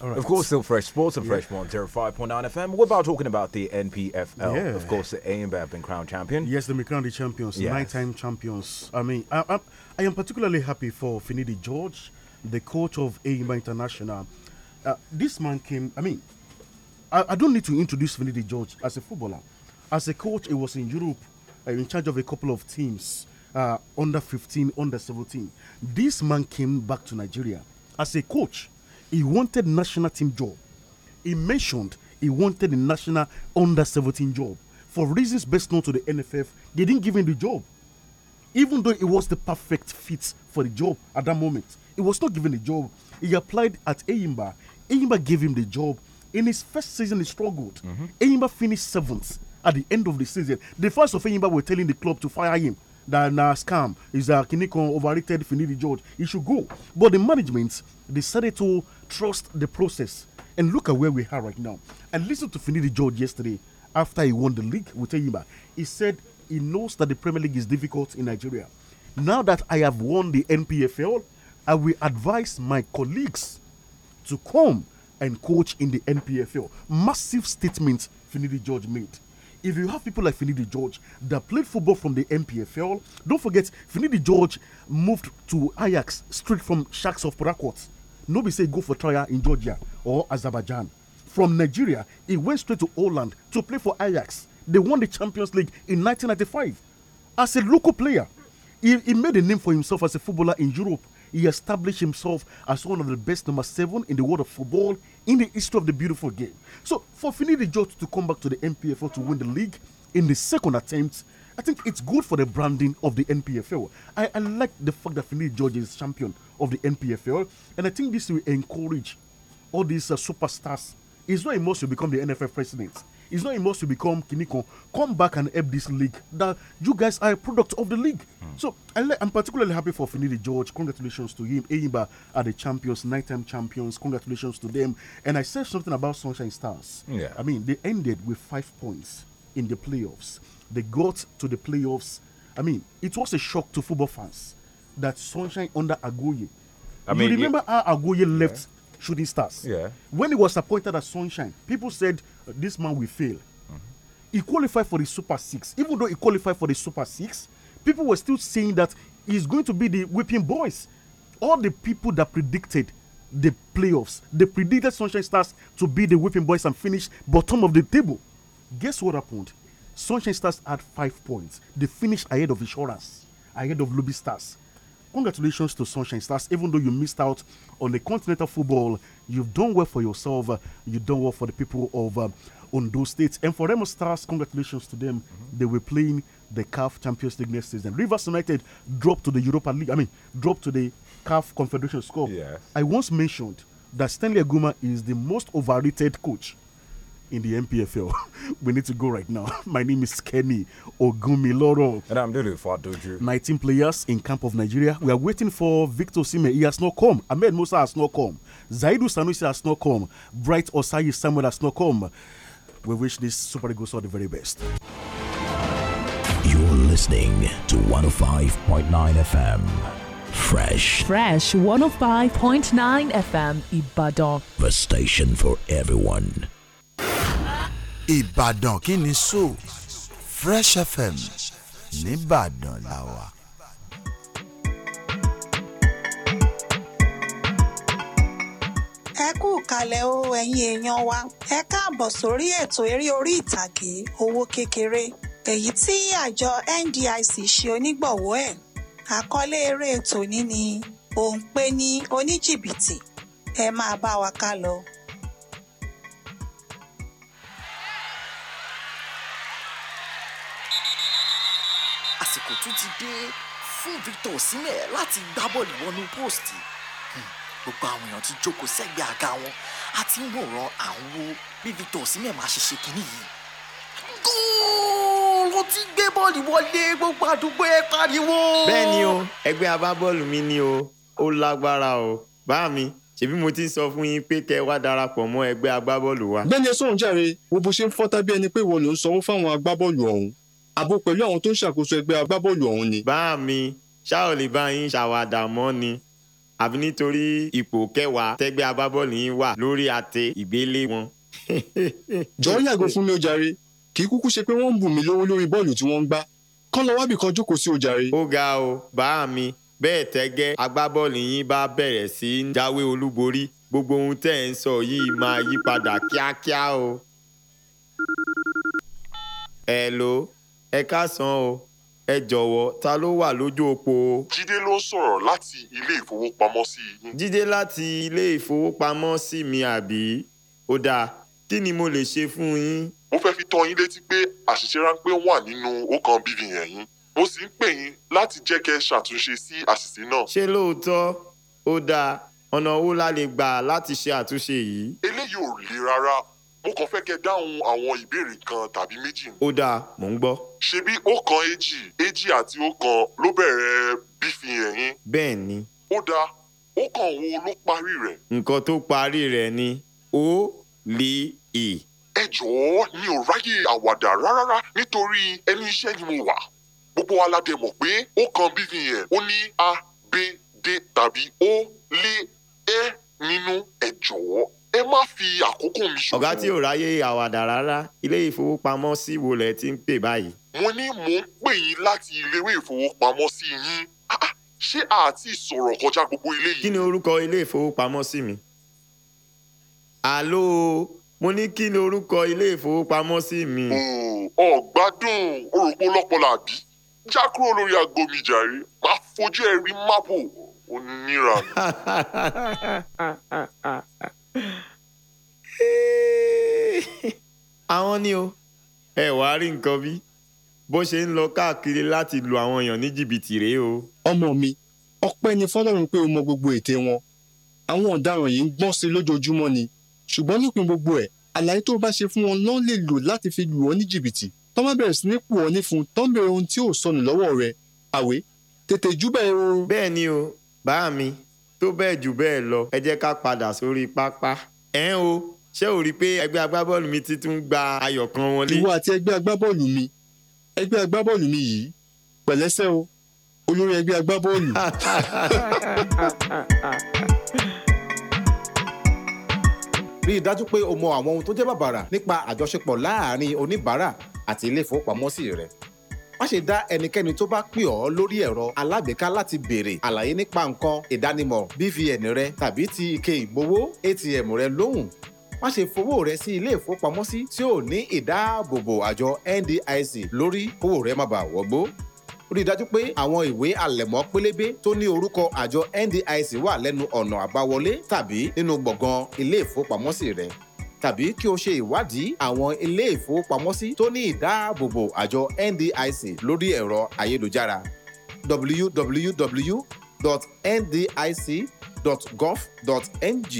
Right. Of course, still fresh sports and fresh one zero oh five point nine FM. We're about talking about the NPFL. Yeah. Of course, the AMB have been crowned champion. Yes, the crowned the champions,
yes. nine-time champions. I mean, I, I, I, am particularly happy for Finidi George, the coach of AMB International. Uh, this man came. I mean, I, I don't need to introduce Finidi George as a footballer. As a coach, he was in Europe uh, in charge of a couple of teams, uh, under 15, under 17. This man came back to Nigeria as a coach. He wanted national team job. He mentioned he wanted a national under 17 job. For reasons best known to the NFF, they didn't give him the job. Even though it was the perfect fit for the job at that moment, he was not given the job. He applied at Eyimba. Eyimba gave him the job. In his first season, he struggled. Mm -hmm. Eyimba finished seventh at the end of the season. The fans of Enyimba were telling the club to fire him. That uh, scam is a uh, Kiniko overrated Finidi George. He should go. But the management decided to trust the process. And look at where we are right now. And listen to Finidi George yesterday after he won the league with Enyimba. He said he knows that the Premier League is difficult in Nigeria. Now that I have won the NPFL, I will advise my colleagues to come and coach in the NPFL. Massive statement Finidi George made if you have people like Finidi George that played football from the MPFL, don't forget Finidi George moved to Ajax straight from Sharks of Paracourt. Nobody say go for trial in Georgia or Azerbaijan. From Nigeria, he went straight to Holland to play for Ajax. They won the Champions League in 1995. As a local player, he, he made a name for himself as a footballer in Europe he established himself as one of the best number seven in the world of football in the history of the beautiful game. So for Finidi George to come back to the NPFL to win the league in the second attempt, I think it's good for the branding of the NPFL. I, I like the fact that Finidi George is champion of the NPFL, and I think this will encourage all these uh, superstars. It's not a must to become the NFF president it's not enough to become Kiniko. Come back and help this league. That you guys are a product of the league. Mm. So I am particularly happy for Finidi George. Congratulations to him. Eimba are the champions, nighttime champions. Congratulations to them. And I said something about Sunshine Stars. Yeah. I mean, they ended with five points in the playoffs. They got to the playoffs. I mean, it was a shock to football fans that Sunshine under Agoye. I mean, remember yeah. how Agoye left yeah shooting stars. Yeah. When he was appointed as Sunshine, people said uh, this man will fail. Mm -hmm. He qualified for the Super Six. Even though he qualified for the Super Six, people were still saying that he's going to be the whipping boys. All the people that predicted the playoffs, they predicted Sunshine Stars to be the whipping boys and finish bottom of the table. Guess what happened? Sunshine Stars had five points. They finished ahead of Insurance, ahead of Lobby Stars, Congratulations to Sunshine Stars, even though you missed out on the continental football. You've done well for yourself, you've done well for the people of those uh, states. State. And for Remo Stars, congratulations to them. Mm -hmm. They were playing the CAF Champions League next season. Rivers United dropped to the Europa League, I mean, dropped to the CAF Confederation Cup. Yes. I once mentioned that Stanley Aguma is the most overrated coach in the MPFL. [LAUGHS] we need to go right now. [LAUGHS] My name is Kenny Ogumiloro. And I'm
Dudu Fadoju.
19 players in camp of Nigeria. We are waiting for Victor Sime. He has not come. Ahmed Musa has not come. Zaidu Sanusi has not come. Bright Osayi Samuel has not come.
We wish this Super Eagles all the very best. You're listening to 105.9 FM. Fresh. Fresh 105.9 FM Ibadan. The station for everyone. Ìbàdàn kí ni so Fresh FM nìbàdàn
la wà.
ẹ kú kalẹ̀ o ẹ̀yin èèyàn wa ẹ káàbọ̀ sórí ètò eré orí ìtàgé owó kékeré èyí tí àjọ NDIC ṣe onígbọ̀wọ́ ẹ̀ àkọlé eré ètò ní ni òun pè ní oníjìbìtì ẹ máa bá wa ká lọ. àsìkò tún ti dé fún Victor Osimhen láti gbá bọ́ọ̀lù wọnú post
hmm,
gbogbo àwọn èèyàn ti jókòó sẹ́gbẹ̀ẹ́ àga wọn àti ń wòran àwọn wo bí Victor Osimhen máa
ṣe ṣe kínní yìí góòlù ti gbé bọ́ọ̀lù wọlé gbogbo àdúgbò ẹ pariwo. bẹ́ẹ̀
o ẹgbẹ́ abábọ́ọ̀lù mi ni o ó lágbára o bá mi ṣebí mo ti ń sọ fún yín pé kẹ wá darapọ̀ mọ́ ẹgbẹ́ agbábọ́ọ̀lù wa. bẹ́ẹ̀ ni jàre wo bó ṣe ń fọ́tá bí ẹni pé ìwọ ló ń sanwó fáwọn agbábọ́ọ̀lù ọ̀hún àbò pẹ̀lú àwọn tó ń ṣàkóso ẹgbẹ́ agbábọ́ọ̀lù ọ̀hún ni. bá mi ṣá ò lè bá yín ṣàwádà mọ́ ni àbí nítorí ipò kẹwàá tẹgbẹ́ agbábọ́ọ̀lù yín wà lórí àtẹ ìgbélé wọn. [LAUGHS] jọ yàgò fún mi ó kì í kúkú ṣe pé wọ́n ń bù mí lówó lórí bọ́ọ̀lù tí wọ́n ń gbá kán lọ wábì kan jókòó sí ó ó ga o bá mi bẹ́ẹ̀ tẹ́gẹ́ agbábọ́ọ̀lù yín bá bẹ̀rẹ̀ sí í jáwé olúborí gbogbo ohun o. ẹ ẹ káàsán o ẹ jọ̀wọ́ ta ló wà lójú òpó. jíde ló ń sọ̀rọ̀ láti ilé ìfowópamọ́sí yín. jíde láti ilé ìfowópamọ́sí mi àbí ó dáa kí ni mo lè ṣe fún yín.
mo fẹ́ fi tọ́ yín létí pé àṣìṣe ráńpẹ́ wà nínú ọkàn BVN yín mo sì ń pè yín láti jẹ́ kẹ́ ṣàtúnṣe sí àṣìṣe náà.
ṣé lóòótọ́ ó dáa ọ̀nà wo la lè gbà láti ṣe àtúnṣe yìí.
eléyìí ò le rárá mo kàn fẹ́ kẹ́ dáhùn àwọn ìbéèrè kan tàbí méjì.
ó dáa mò ń gbọ́.
ṣebí ọ̀kan èjì èjì àti ọ̀kan ló bẹ̀rẹ̀ bífi yẹn yín. bẹ́ẹ̀ ni. ó dáa ọ̀kan wo ló parí rẹ̀.
nǹkan tó parí rẹ̀ ni ó lè è. ẹ jọ̀ọ́ mi ò ráyè àwàdà rárá nítorí ẹnu iṣẹ́ ni mo wà gbogbo wa la
dẹ̀ mọ̀ pé ọ̀kan bífi yẹn ó ní a b d tàbí O lè ẹ nínú ẹ jọ̀ọ́ ẹ má fi àkókò mi
ṣòfò. ọ̀gá tí ò ráyè àwàdà rárá ilé ìfowópamọ́sí wo lẹ ti ń pè báyìí.
mo ní mò ń pè yín láti ilé ìfowópamọ́sí yín ah, ah, ṣé àti ìsọ̀rọ̀ kọjá gbogbo ilé yìí.
kí ni orúkọ ilé ìfowópamọ́sí mi? àló mo ní kí ni orúkọ ilé ìfowópamọ́sí mi. ọ̀gbádùn orúkọ lọ́pọ̀lọ́ àbí já kúrò
lórí aago mi jàre máa fojú ẹ rí mábò onírànú.
[LAUGHS]
[LAUGHS] àwọn ni o ẹ wàá rí nǹkan bí bó ṣe ń lọ káàkiri láti lu àwọn èèyàn ní jìbìtì rèé o. ọmọ mi ọpẹ́ ni fọ́lọ́run pé o mọ gbogbo ète wọn àwọn ọ̀daràn yìí ń gbọ́n sí lójoojúmọ́ ni ṣùgbọ́n nípìn gbogbo ẹ̀ àlàyé tó o bá ṣe fún wọn lọ́n lè lò láti fi lù ọ́ ní jìbìtì tọ́ má bẹ̀rẹ̀ sí ní pù ọ́ ní fún tọ́ ń bèrè ohun tí ò sọnù lọ́wọ́ rẹ̀ àwé tètè júbẹ̀ o. bẹ́ẹ̀ ni o bá mi tó bẹ́ẹ̀ jù bẹ́ẹ̀ lọ ẹ jẹ́ ká padà sórí pápá ẹ̀ ń o ṣé o rí i pé ẹgbẹ́ agbábọ́ọ̀lù mi ti tún gba ayọ̀ kan wọlé. ìwọ àti ẹgbẹ́ agbábọ́ọ̀lù mi ẹgbẹ́ agbábọ́ọ̀lù mi yìí pẹ̀lẹ́sẹ̀ o olórí ẹgbẹ́ agbábọ́ọ̀lù. [LAUGHS] rí i dájú pé o mọ àwọn ohun tó jẹ́ bàbàrà nípa
àjọṣepọ̀ láàárín oníbàárà àti ilé ìfowópamọ́sí rẹ̀ má ṣe dá ẹnikẹ́ni tó bá pè ọ́ lórí ẹ̀rọ alágbèéká láti béèrè àlàyé nípa nǹkan ìdánimọ̀ BVN rẹ tàbí ti ike ìgbowó ATM rẹ lóhùn má ṣe fowó rẹ sí ilé ìfowópamọ́sí tí ò ní ìdáàbòbò àjọ NDIC lórí kówó rẹ má bàa wọgbó rí i
dájú pé àwọn ìwé àlẹ̀mọ́ pélébé tó ní orúkọ àjọ NDIC wà lẹ́nu ọ̀nà àbáwọlé tàbí nínú gbọ̀ngàn ilé ìfowópamọ́sí rẹ tàbí kí o ṣe ìwádìí àwọn
ilé ìfowópamọ́sí tó ní ìdáàbòbò àjọ NDIC lórí ẹ̀rọ ayélujára www.ndic.gov.ng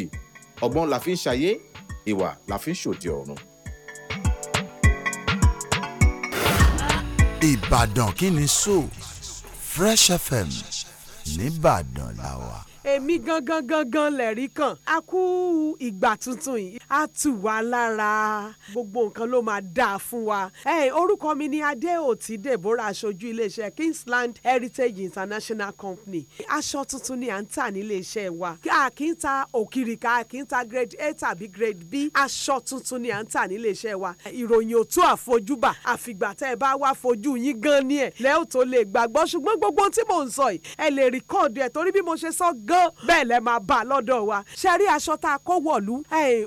ọgbọ́n la fi ń ṣayé ìwà la fi ń ṣòdì ọ̀run. Ìbàdàn kí ni so
Fresh FM nìbàdàn làwà
èmi gangan gangan lẹ̀rí kan a kú ìgbà tuntun yìí a tù wá lára gbogbo nǹkan ló máa dáa fún wa. orúkọ mi ni Adéòtí Deborah aṣojú iléeṣẹ́ Kingsland Heritage International Company aṣọ tuntun ni à ń tà nílé wa a kì í ta òkìrì a kì í ta grade A tàbí grade B aṣọ tuntun ni à ń tà nílé wa ìròyìn ò tó àfojúbà àfìgbà tẹ́ ẹ bá wá fojú yín gan ni ẹ̀ lẹ́yìn tó lè gbàgbọ́ ṣùgbọ́n gbogbo tí mò ń sọ yìí ẹ lè rìkọ́ọ̀dù ẹ̀ torí bí mo ṣe sọ gan gan bẹ́ẹ̀ lẹ máa bá a lọ́dọ̀ wa ṣe aṣọ tá a kó wọ̀lú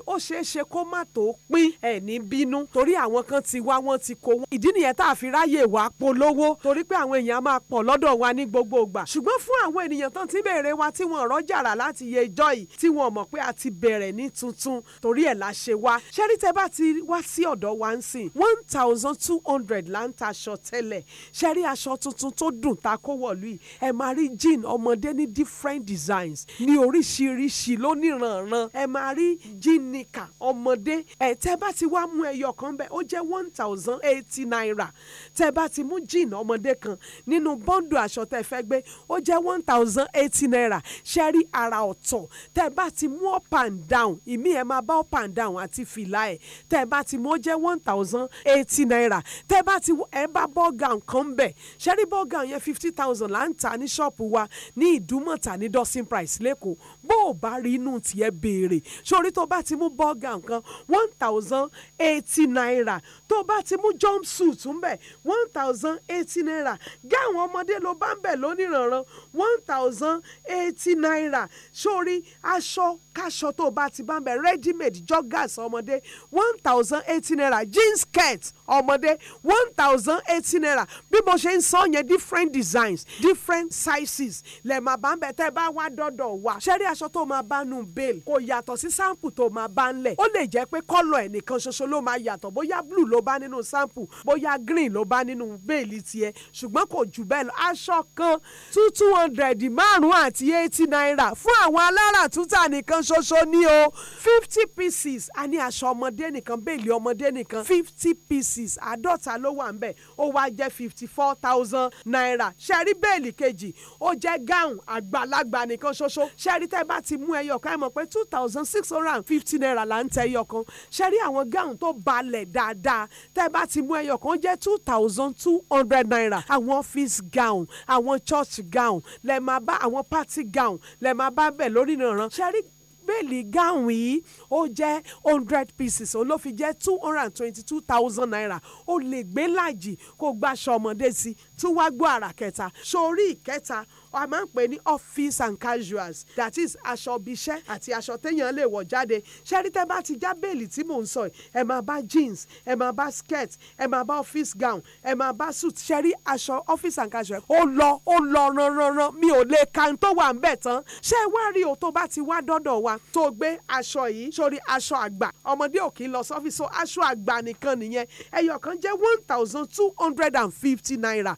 ó ṣeé ṣe kó má tó pín ẹ̀ bínú torí àwọn kan ti wá wọ́n ti kó wọn ìdí nìyẹn tá a fi ráyè wá polówó torí pé àwọn èèyàn máa pọ̀ lọ́dọ̀ wa ní gbogbo ìgbà ṣùgbọ́n fún àwọn ènìyàn tán ti béèrè wa tí wọ́n rọ́jà rà láti yẹ ìjọ yìí tí wọ́n mọ̀ pé a ti bẹ̀rẹ̀ ní tuntun torí ẹ̀ la ṣe wá ṣe tẹ bá ti wá sí ọ̀dọ̀ wa ń sìn one thousand two hundred là ń ta aṣọ tẹ́lẹ̀ ṣe rí aṣọ tuntun tó dùn ta kó yìí ẹ̀ máa rí jean ọmọdé ní different design designs ní oríṣiríṣi lóníranran ẹ máa rí jíníkà ọmọdé ẹ tẹ́ bá ti wá mú ẹyọ kan bẹ́ẹ̀ ó jẹ́ one thousand eighty naira tẹ́ bá ti mú jean ọmọdé kan nínú bọ́ńdù aṣọ tẹ́ fẹ́ gbé ó jẹ́ one thousand eighty naira ṣe rí ara ọ̀tọ̀ tẹ́ bá ti mú up and down ìmí ẹ máa bá up and down àti fìlà ẹ tẹ́ bá ti mú ó jẹ́ one thousand eighty naira tẹ́ bá ti ẹ bá bọ́ọ̀gà kan bẹ̀ ṣe rí bọ́ọ̀gà yẹn fifty thousand là ń ta ní ṣọ́ọ̀pù wa ní ìdúmọ̀tà ní dọ́sìn asking price lẹ́kọ̀ọ́ bó o bá rí inú tiẹ̀ béèrè sórí tó bá ti mú bọ́gà nǹkan one thousand eighty naira tó bá ti mú jumpsuit ń bẹ̀ one thousand eighty naira gáwọn ọmọdé ló bá ń bẹ̀ lóníranran one thousand eighty naira sórí aṣọ káṣọ tó bá ti bá ń bẹ̀ ready made joggers ọmọdé one thousand eighty naira jeans skirt ọmọdé one thousand eighty naira bí mo ṣe ń sọ yẹn different designs different sizes lẹ̀ máa bá ń bẹ̀ tẹ́ ẹ bá wá dọ́dọ̀ wá ṣẹ́rí aṣọ tó máa bá nù bẹ́ẹ̀lì kò yàtọ̀ sí sáǹpù tó máa bá ń lẹ̀ ó lè jẹ́ pé kọ́lọ̀ ẹ̀ nìkan ṣoṣo ló máa yàtọ̀ bóyá blue ló bá nínú sample bóyá green ló bá nínú bẹ́ẹ̀lì tiẹ̀ ṣùgbọ́n kò jù bẹ́ẹ̀ lọ aṣọ kan two two hundred márùn-ún àti eighty naira fún àwọn aláràtúntà nìkan ṣoṣo ní o fifty pieces a ní aṣọ ọmọdé nìkan bẹ́ẹ̀lì ọmọdé nìkan fifty pieces àádọ́ta ló wà ń bẹ̀ ó wá jẹ́ fifty four thousand naira ṣẹ́rí bẹ́ẹ̀lì kejì ó jẹ́ gáùn àgbàlagbà nìkan ṣoṣo ṣẹ́rí tẹ́ bá ti mú ẹyọ kan ẹ mọ̀ pé two thousand six hundred and fifty naira là ń tẹ ẹyọ kan ṣẹ́rí àwọn gáùn tó balẹ̀ dáadáa mẹ́ta tẹ́ bá ti mú ẹyọ kan jẹ́ two thousand two hundred naira àwọn office gown àwọn church gown lẹ́ẹ̀ máa bá àwọn party gown lẹ́ẹ̀ máa bá bẹ̀ lórí ìrànràn ṣẹ́rí bẹ́ẹ̀lì gáwùn yìí ó jẹ́ hundred pieces ó ló fi jẹ́ two hundred and twenty-two thousand naira ó lè gbé láàjì kó gbaṣọ ọmọdé sí tún wá gbọ́ àrà kẹta sórí ìkẹta a máa ń pè ní office and casuals that is aṣọ ibiṣẹ́ àti aṣọ téèyàn lè wọ̀ jáde ṣẹ́rí tẹ́ bá ti já bẹ́ẹ̀lì tí mò ń sọ ẹ̀ máa bá jeans ẹ̀ máa bá skirt ẹ̀ máa bá office gown ẹ̀ máa bá suit ṣẹ́rí aṣọ office and casuals ó lọ ó lọ ranranran mi ò lè ka tó wà ń bẹ̀ tán ṣé wá rí o tó bá ti wá dọ́dọ̀ wa tó gbé aṣọ yìí sórí aṣọ àgbà ọmọdé ò kì í lọ sọ́fíìsì aṣọ àgbà nìkan nìyẹn ẹyọ kan jẹ́ one thousand two hundred and fifty naira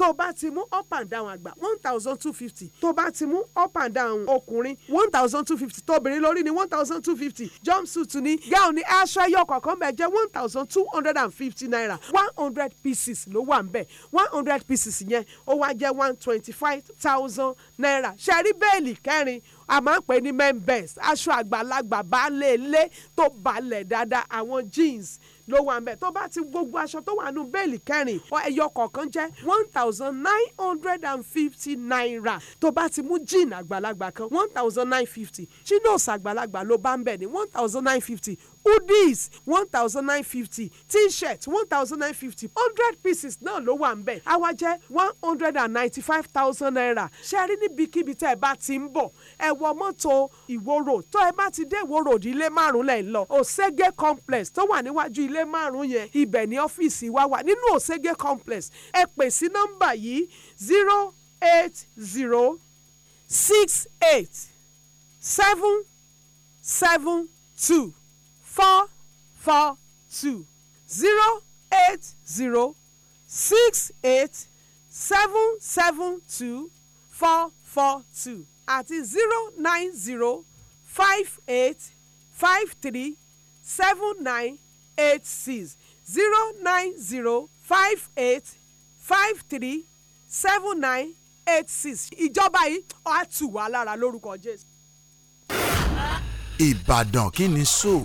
tó bá ti mú up and down àgbà one thousand two fifty tó bá ti mú up and down ọkùnrin one thousand two fifty tóbìnrin lórí ni one thousand two fifty jumpsuit ni gown ni aṣọ ẹyọ kọ̀ọ̀kan bẹ̀ jẹ́ one thousand two hundred and fifty naira one hundred pieces ló wà ń bẹ̀ one hundred pieces yẹn ó wá jẹ́ one twenty five thousand naira ṣe rí bẹ́ẹ̀lì kẹrin a máa ń pè ní members aṣọ àgbàlagbà baálé ilé tó balẹ̀ dáadáa àwọn jeans ló wà ń bẹ̀ tó bá ti gbogbo aṣọ tó wà nù bẹ́ẹ̀lì kẹrin ẹyọ kọ̀ọ̀kan jẹ́ one thousand nine hundred and fifty naira tó bá ti mú jean àgbàlagbà kan one thousand nine fifty chinos àgbàlagbà ló bá ń bẹ̀ ní one thousand nine fifty hoodies one thousand nine fifty t-shirt one thousand nine fifty hundred pieces náà ló wà ń bẹ̀ àwa jẹ́ one hundred and ninety five thousand naira ṣe rí níbikíbi tẹ́ ẹ bá ti ń bọ̀ ẹ wọ mọ́tò ìwòrò tó ẹ bá ti dé ìwòrò di ilé márùn lẹ̀ ń lọ òṣègé complex tó wà níwájú ilé márùn yẹn ibẹ̀ ní ọ́fíìsì wa wà nínú òṣègé complex ẹ pè sí nọ́mbà yìí zero eight zero six eight seven seven two four four two zero eight zero six eight seven seven two four four two àti zero nine zero five eight five three seven nine eight six zero nine zero five eight five three seven nine eight six ìjọba yìí á tù wá lára lórúkọ Jésù.
Ìbàdàn kí ni sóò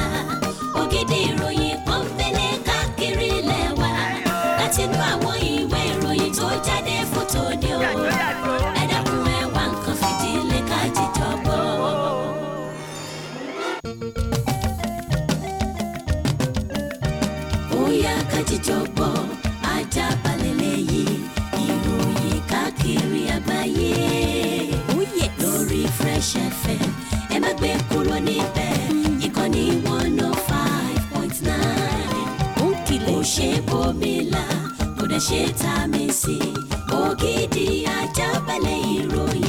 bóyá kájíjọ́gbọ́ ajá balẹ̀ lẹ́yìn ìròyìn káàkiri àgbáyé oh, lórí Fresh FM ẹ má gbé kúrò níbẹ̀ ìkànnì one oh five point nine ó kìlẹ̀ ó ṣe bòmílà kò dẹ̀ ṣe tá a mi ògidì ajá balẹ̀ ìròyìn.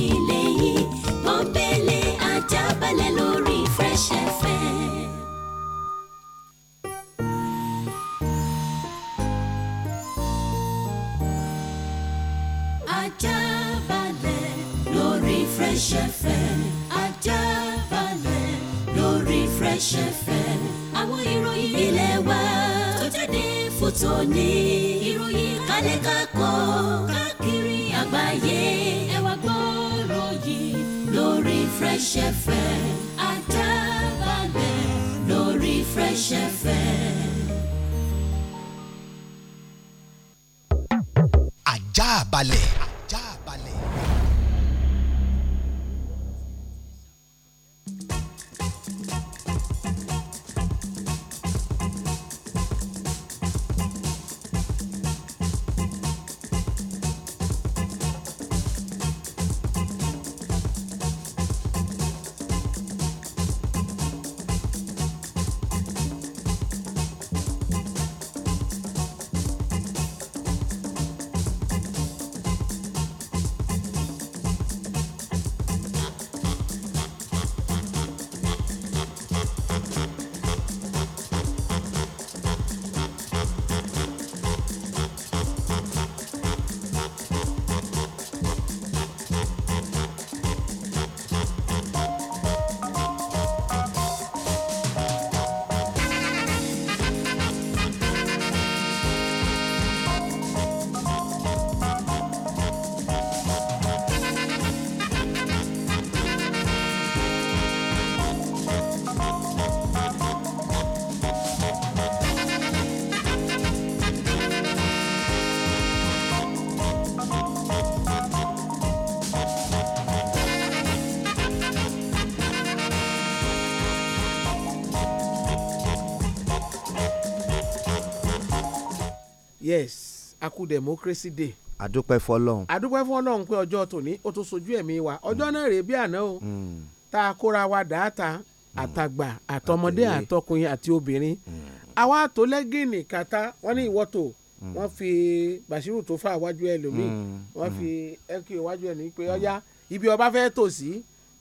òní ìròyìn kálẹ̀ kakọ́ káàkiri àgbáyé ẹ wá gbọ́rọ̀ yìí lórí Fresh FM Àdábàgbẹ̀ lórí Fresh FM.
àjà balẹ̀.
kú democracy day. àdúpẹ́ fọlọ́hún. àdúpẹ́ fọlọ́hún pé ọjọ́ tòní ó tún sojú ẹ̀mí wa ọjọ́ náà rèé bí àná o mm. tá a kóra wa dáàtà mm. àtàgbà àtọmọdé àtọkùnrin àti obìnrin mm. àwa tó lẹ́gìnì kàtá wọ́n ní ìwọ́tò wọ́n fi Bashiru tó fà wájú ẹ lómi wọ́n fi lq wájú ẹ ní pé ọ̀yá ibi ọba fẹ́ tò sí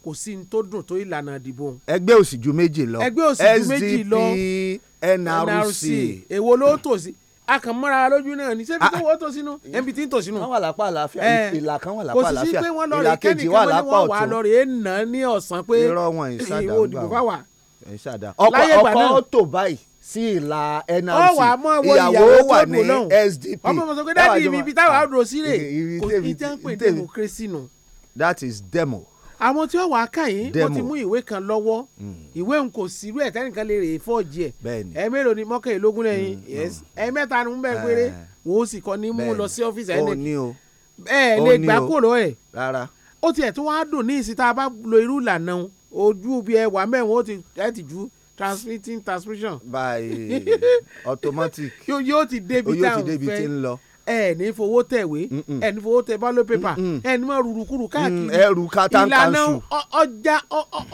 kò sí ní tó dùn tó ìlànà ìdìbò.
ẹgbẹ́ òsì ju méjì lọ ẹgbẹ́ òsì ju méjì lọ SDP
NRC èwo ló tò sí a mọ́ra lójú náà ní sẹ́bi ah. tó wọ́ tó sínú ẹnbi tí ń tò sínú. wọ́n wà lápá àlàáfíà eh. ìlà kan wà lápá àlàáfíà kò sí sí pé wọ́n lọ rè kẹ́nìkan wọ́n ni wọ́n wà lọ rè é ní ọ̀sán pé ìwọ òdìbò bá wà. ọkọ̀ tó báyìí sí ìlà NRC ìyàwó wà ní SDP. ọmọ mọ̀ sọ ibi táwa
ah. dúró sílẹ̀ kò ní tẹ́ ń pè democracy nù. that is demo
àwọn tí ó wàá kà yín wọ́n ti mú ìwé kan lọ́wọ́ hmm. ìwé n kò sí irú ẹ̀ tẹ́nìkan lè rè é fọ́ọ̀jì ẹ̀ ẹ mélòó ni mọ́kànlélógún lẹ́yìn hmm, hmm. ẹ mẹ́ta ni mo bẹ́ẹ̀ eh. péré wò ó sì kọ́ ni mú lọ sí ọ́fíìsì ẹ̀ ẹ̀ lè gbà kúrò ẹ̀ ó tiẹ̀ tó wá dùn ní ìsìn tá a bá lo irú ìlànà ojú bíi ẹwà mẹ́wọ̀n ó ti ẹ̀ ti ju transmitting transmission.
by [LAUGHS]
automatic. yóò ti débi tá a fẹ́ yóò ti débi tí ń lọ ẹ ní fowó tẹ̀wé ẹ ní fowó tẹ bálò pépà ẹ ní mọ rurukuru káàkiri ẹrù kátà kanṣu ìlànà ọjà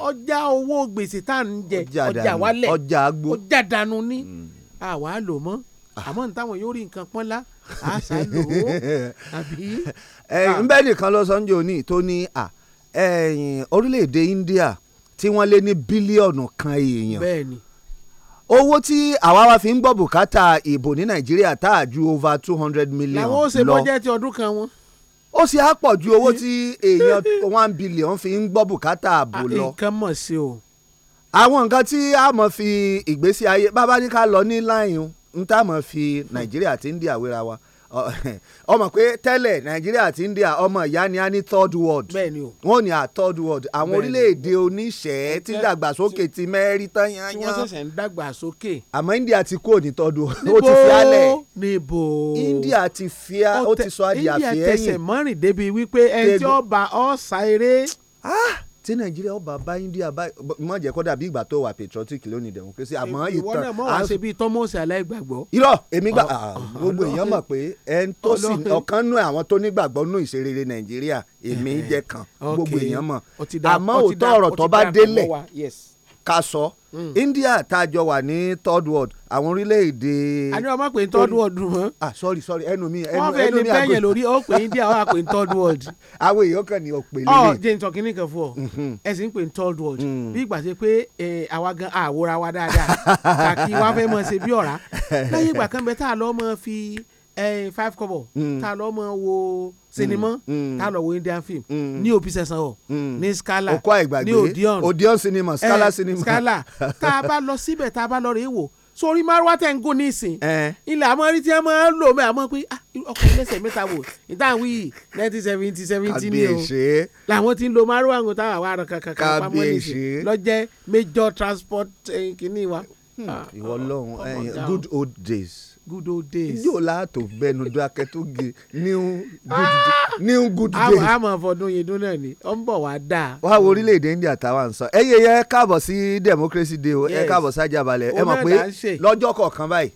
ọjà owó gbèsè tá à ń jẹ ọjà wálẹ̀ ọjà agbo ọjà dànù ni àwa mm. lò mọ́ ah. àmọ́ ní táwọn yóò rí nǹkan pọ́nlá a ṣá [LAUGHS] lò ó àbí.
nbẹ ah. nìkan lọ sọ́njẹ́ òní tó ní orílẹ̀-èdè India tí wọ́n lé ní bílíọ̀nù kan èèyàn. bẹ́ẹ̀ ni owó tí àwa wa fi ń gbọ́ bùkátà ìbò ní nàìjíríà tá a ju over two hundred million lọ. làwọn ó ṣe bọ́jẹ́tì ọdún kan wọn. ó sì á pọ̀ ju owó tí èèyàn one billion fi ń gbọ́ bùkátà àbò lọ. nǹkan mọ̀ sí o. àwọn nǹkan tí a mọ̀ fi ìgbésí ayé bàbá lọ ní láyìn ń tá a mọ̀ fi nàìjíríà ti ń di àwéra wa. ọmọ pé tẹ́lẹ̀ nàìjíríà àti india ọmọ ìyá ni a ní third world wọ́n ní a third world àwọn orílẹ̀-èdè oníṣẹ́ tí dàgbàsókè ti mẹ́rí tán yán
tí wọ́n ṣẹ̀ṣẹ̀ ń dàgbàsókè.
àmọ́ india ti kúrò ní third world ó ti fi alẹ̀.
níbo india ti fi ó ti sọ adìyàfẹ́ yìí. india tẹsẹ̀ mọ́rìn débi wípé ẹjọ́ ọba ọ̀ sáré. ah tí nàìjíríà ọba bá india bá
mọ jẹ kó dàbí ìgbà tó wà patriotic lónìí democracy àmọ́ ìtàn ìwọ náà mọ wá ṣe
bíi tọmọsí aláìgbàgbọ́. irọ́ èmi gbà gbogbo èèyàn mọ̀ pé
ẹn tó sì ọ̀kan nú àwọn tó nígbàgbọ́ nú ìṣerere nàìjíríà èmi jẹ kan gbogbo èèyàn mọ̀
àmọ́ òótọ́ ọ̀rọ̀ tó bá délẹ̀ ká sọ hmm.
India tá a jọ wà ní third world àwọn orílẹ̀-èdè. àní ọmọ pé third world mọ́. ah sorry sorry ẹnu mi ẹnu mi àgọ́. wọ́n fẹ́ ní bẹ́yẹn lórí ó pè India wà pé third
world. [LAUGHS] àwọn èèyàn kan ní ọ̀pẹ̀ lélẹ̀. ọ oh, jẹ́ nítorí kìíní kan fún ọ mhm. ẹ sì ń third world hmm. bí ìgbà ṣe pé àwa gan àwòrán wa dáadáa
[LAUGHS] kàkí wàá fẹ́ mọ̀ ṣe bí ọ̀rá lẹ́yìn [LAUGHS] ìgbà
kan bẹ́ẹ̀ tá a lọ́ mọ́ fi Eh, five kobo mm. tá a lọ mọ wo sinimá mm. mm. tá lọ wo indian film ní òbí sẹsàn ọ ní scala ní odeon odeon
cinema eh, scala cinema scala tá a bá
lọ síbẹ̀ tá a bá lọ rèé wò sórí márùwá tẹ̀ ń gún nísìn eh. ilẹ̀ àmọ́rí tí wọ́n máa ń lò mẹ́ àmọ́ pé ah, ọkọ̀ ẹlẹ́sẹ̀ mẹ́ta wò ìtàn wí nineteen seventy seventy ni o làwọn ti ń lo márùwá àwọn táwọn àwọn aràn kankan kan pamọ́ nísìn lọ́jẹ́ major transport kìíní wa. Hmm,
ìwọ ah, lọ́hùn good old days good old days. yóò láàtò bẹnu dákẹ́ tó ge new good ah!
new good days. àmọ̀ fọdún yìí dún náà ni ó ń bọ̀ wá dáa. wá
orílẹ̀-èdè India táwa ń sọ ẹ yẹ yẹ káàbọ̀ sí democracy day o ẹ káàbọ̀ sájà balẹ̀ ẹ mọ̀ pé
lọ́jọ́ kọ̀ọ̀kan báyìí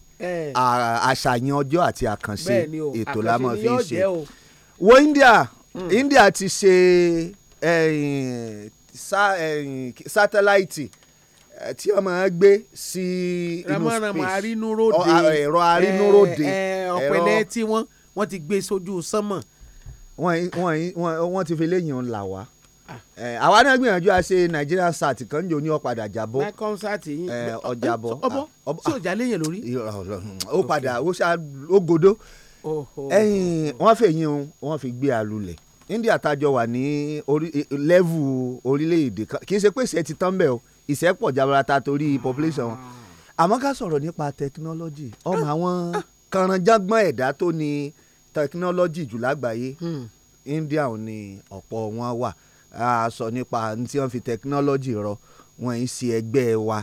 àṣàyàn ọjọ́ àti àkànṣe ètò la máa fi ṣe wo India hmm. India ti ṣe eh, satellite eh, tí wọ́n máa gbé sí inú space ẹ̀rọ arínúróde ọ̀pẹ̀lẹ̀ tí wọ́n wọ́n ti gbé sójú sánmọ̀. wọ́n ti fi léyìn òun là wá àwa náà gbìyànjú à ṣe Nigeria sat kan jò ní ọ̀padà jábọ́ ọjàbọ́ ọbọ̀ tí òjà léyìn lórí. ó padà ó godó ẹyin wọ́n fèyí o wọ́n fi gbé alulẹ̀ India tajọ wà ní lẹ́vù orílẹ̀-èdè kan kì í ṣe pèsè ti tán bẹ́ẹ̀ o ìṣẹ́pọ̀ jabarata torí population wọn àmọ́ ká sọ̀rọ̀ nípa technology ọmọ àwọn kànránjágbọ́n ẹ̀dá tó ní technology jù lágbàáyé hmm. India ò ní ọ̀pọ̀ wọn wà a sọ nípa tí wọ́n fi technology rọ wọ́n ń ṣe ẹgbẹ́ wa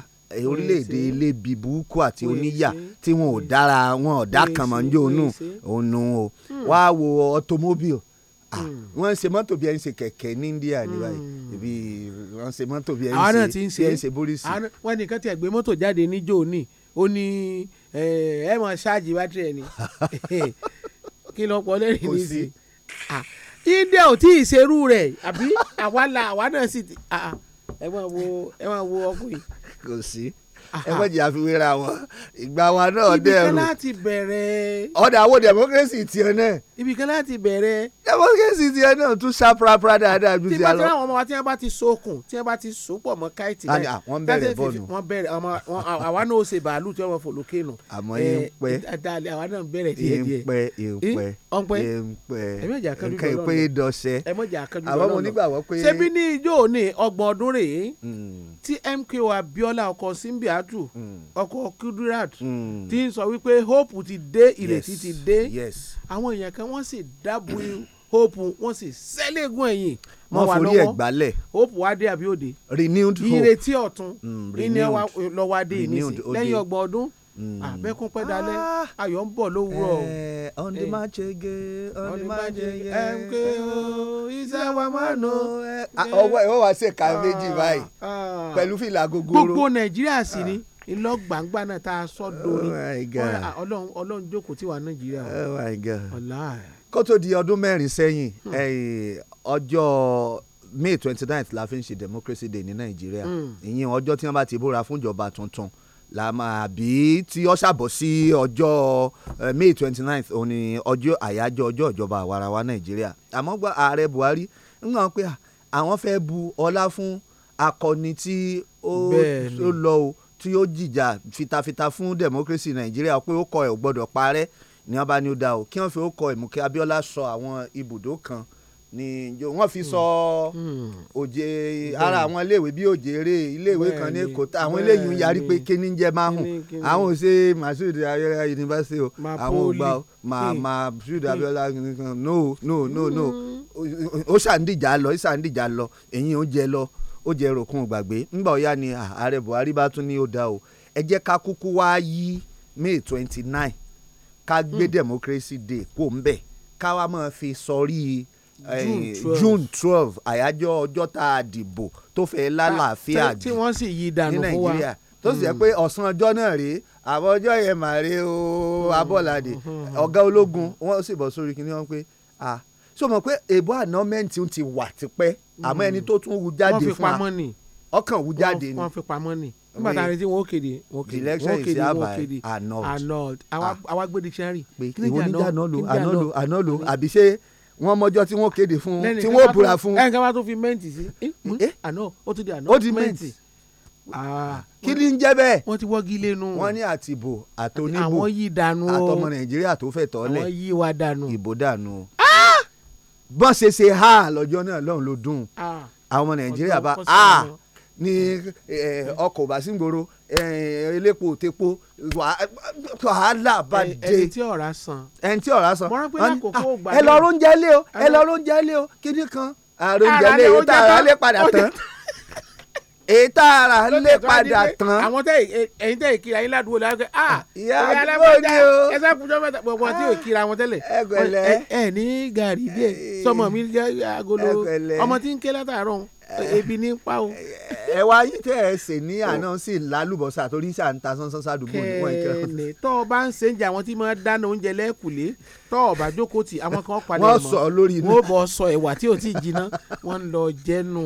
orílẹ̀-èdè elébi burúkú àti oníyà tí wọn ò dára wọn ò dá kànmọ́njó nù òun nù o hmm. wá wo automobile Ah, hmm. wọ́n ṣe mọ́tò bí ẹ ń ṣe kẹ̀kẹ́ ní India ní báyìí hmm. ibi wọ́n ṣe mọ́tò bí ẹ ń ṣe bí ẹ ń ṣe bóríṣì.
wọ́n ní kẹ́tì ẹ̀gbẹ́ mọ́tò jáde níjó ní ó ní ẹ mọ̀ ṣáàjì bátìrì ẹ̀ ní [LAUGHS] kí ló pọ̀ lẹ́rìn ní sí. Ah, India ò tí ì ṣerú rẹ̀ àbí àwa náà sì ah, ẹ máa wo ọkùnrin.
kò sí ẹ mọ̀jì àfiwéra wọn ìgbà wa náà dẹ̀rù. ibi kan láti
bẹ̀rẹ̀. ọ̀dà àwọn
democracy tiẹ̀ náà. ibi kan láti bẹ̀rẹ̀. democracy tiẹ̀ náà tún ṣá prapra dáadáa ju ti àlọ. tí wọ́n
ọmọ wa tí wọ́n bá ti sokùn tí wọ́n bá ti so pọ̀ mọ́ káìtì. wọ́n bẹ̀rẹ̀ bọ́ọ̀lù. wọ́n bẹ̀rẹ̀ ọmọ àwa náà ó ṣe bàálù tí wọ́n fòló kéènù. àmọ́ ìpẹ́ ìpẹ́
ìpẹ́ ìpẹ́ ìpẹ́ ìdọ̀ṣẹ́
àbámu nígbàgbọ́ pé. ṣebí ní ijó ní ọgbọ̀n ọdún rèé hmm tí MKO Abiola ọkọ Simbiatu hmm. ọkọ Kudirat hmm. ti ń sọ wípé hope ti dé ìrètí ti dé àwọn èèyàn kan wọ́n sì dábò hope wọ́n sì sẹ́lẹ̀gùn ẹ̀yìn mọ́ wa lọ́wọ́ hope wa dé àbí òde renewed hope ìrètí ọ̀tún ìní lọ́wọ́ adé ìnísìn lẹ́yìn ọgbọ̀n ọdún Mm. àbẹ́kún pẹ́ dalẹ́ ah. ayọ̀ ń bọ̀ lówùrọ̀. ọ̀nì eh, eh. eh, oh, máa ah, ṣe gé ọ̀nì máa ṣe ah. gé ẹ̀ǹkẹ́ o iṣẹ́ wa máa nù. ọwọ́ ìwọ́ wa ṣèkà méjì báyìí pẹ̀lú fìlà gogoro. gbogbo nàìjíríà sì ni iná gbàngbà náà tá a sọ dorin oh ọlọ́run jókòó tí wà nàìjíríà.
Oh kó tó di ọdún mẹ́rin sẹ́yìn hmm. ọjọ́ May twenty ninth la fi ń ṣe democracy day ní nàìjíríà hmm. ìyẹn ọjọ́ tí wọ́n bá ti búra fún ìjọba tuntun la máa bí tí ó ṣàbọ̀ sí ọjọ́ eh, May twenty ninth òun ni ọjọ́ àyájọ́ ọjọ́ ìjọba àwarawa Nàìjíríà àmọ́ gba ààrẹ Buhari ń hàn pé àwọn fẹ́ bu ọlá fún akọni tí ó lọ o tí ó jìjà fitafita fún democracy Nàìjíríà pé ó kọ ẹ̀ ò gbọ́dọ̀ parẹ́ ni wọ́n bá ní ó dá o kí wọ́n fi ó kọ ìmùkẹ́ Abíọ́lá sọ àwọn ibùdó kan níjó wọ́n fi sọ hmm. òjè hmm. ara àwọn iléèwé bíi òjèrè iléèwé kan ní èkó àwọn eléyìí yarí pé kíní jẹ máa hùn àwọn ò ṣe masud ayọ̀rẹ́ yunifásitì o àwọn ò gbà hmm. masud abiola no no no no ó ṣàǹdìjà lọ ó ṣàǹdìjà lọ èyí ó jẹ lọ ó jẹ ròkun gbàgbé ńgbà ó ni ààrẹ buhari bá tún ní ó dá o ẹ jẹ́ ká kúkú wá yí may twenty nine ká gbé democracy day kó ń bẹ̀ ká wá máa fi sọrí. So June twelve àyájọ́ ọjọ́ tá a dìbò tó fẹ́ lálàáfíà jù tí wọ́n sì yí ìdànù fún wa tó sì yẹ hmm. pé ọ̀sán ọjọ́ náà rèé àbọ̀ ọjọ́ yẹn mà rè o abọ́ládé hmm. ọ̀gá ológun wọ́n sì bọ̀ sórí kí wọ́n pé a ṣó mọ̀ pé èbó ànámẹ́ǹtì ti wà tipẹ́ àmọ́ ẹni tó tún wù jáde fún wa ọkàn wù jáde ni wọ́n fi
pamọ́ ni nígbà tá a retí wọn ó kéde wọn ó kéde wọn ó kéde wọn ó kéde annulled annulled àwa ah. gbé dictionary kí ni jẹ́ annulled kí ni jẹ́
annulled àbí ṣé wọ́n mọjọ́ tí wọ́n kéde fún tí wọ́n búra fún. ẹnì
kan bá tó fi mẹ́ǹtì sí àná eh, hmm? eh? ó ti di àná ó ti mẹ́ǹtì ah. kí ni ń jẹ́ bẹ́ẹ̀. wọ́n ti wọ́gi lẹ́nu. wọ́n ní àtìbò àtòníbò àwọn yìí
dànù o àtọmọ nàìjíríà tó fẹ́ tọ́lẹ̀ àwọn yìí wa dànù. ìbò dànù o. Ah! bọ́n ṣe ṣe ha lọ́jọ́ náà lọ́run ló dùn ah! àwọn nàìjíríà bá a ní eh, ọkọ̀ òbá sí gbòòrò eh, elépo òtepo wàhálà bá dé. ẹni tí ọ̀rá san. ẹni tí ọ̀rá san. mọ̀rán pé lákòókò
ògbà ah, yẹn. ẹ lọ oúnjẹ lé o ẹ lọ oúnjẹ lé o kíní kan àrùn oúnjẹ lé o tá a lè padà tán èyí tá a rà lè padà tán. àwọn tẹ ẹyin tẹ ìkira yín ládùúgbò láwọn kẹ ah ìyá àdúgbò ni o ẹsẹ kújọ mẹ́ta gbogbo àti òkira wọn tẹ́lẹ̀ ẹ ní gàrí díẹ̀ sọmọ mi jẹ agolo ọmọ tí ń ké látàárọ̀ Eh, ebi ní pa o. Eh, eh, ẹ wá yí tẹ ẹ sè ní àná oh. sí lálùbọ́sà torí sà ń ta sánsán sádùúgbò
ní wọ́n ìkẹrẹ. kẹ́ẹ̀lẹ̀
tọ́ ọ bá ń ṣe ń àwọn tí máa dáná oúnjẹ lẹ́kùlé tọ́ ọ bá jókòó tì àwọn kan palẹ̀ mọ́ wọ́n sọ lórí iná wọ́n bọ̀ sọ ẹ̀wà tí ò tí jiná wọ́n ń lọ jẹ́nu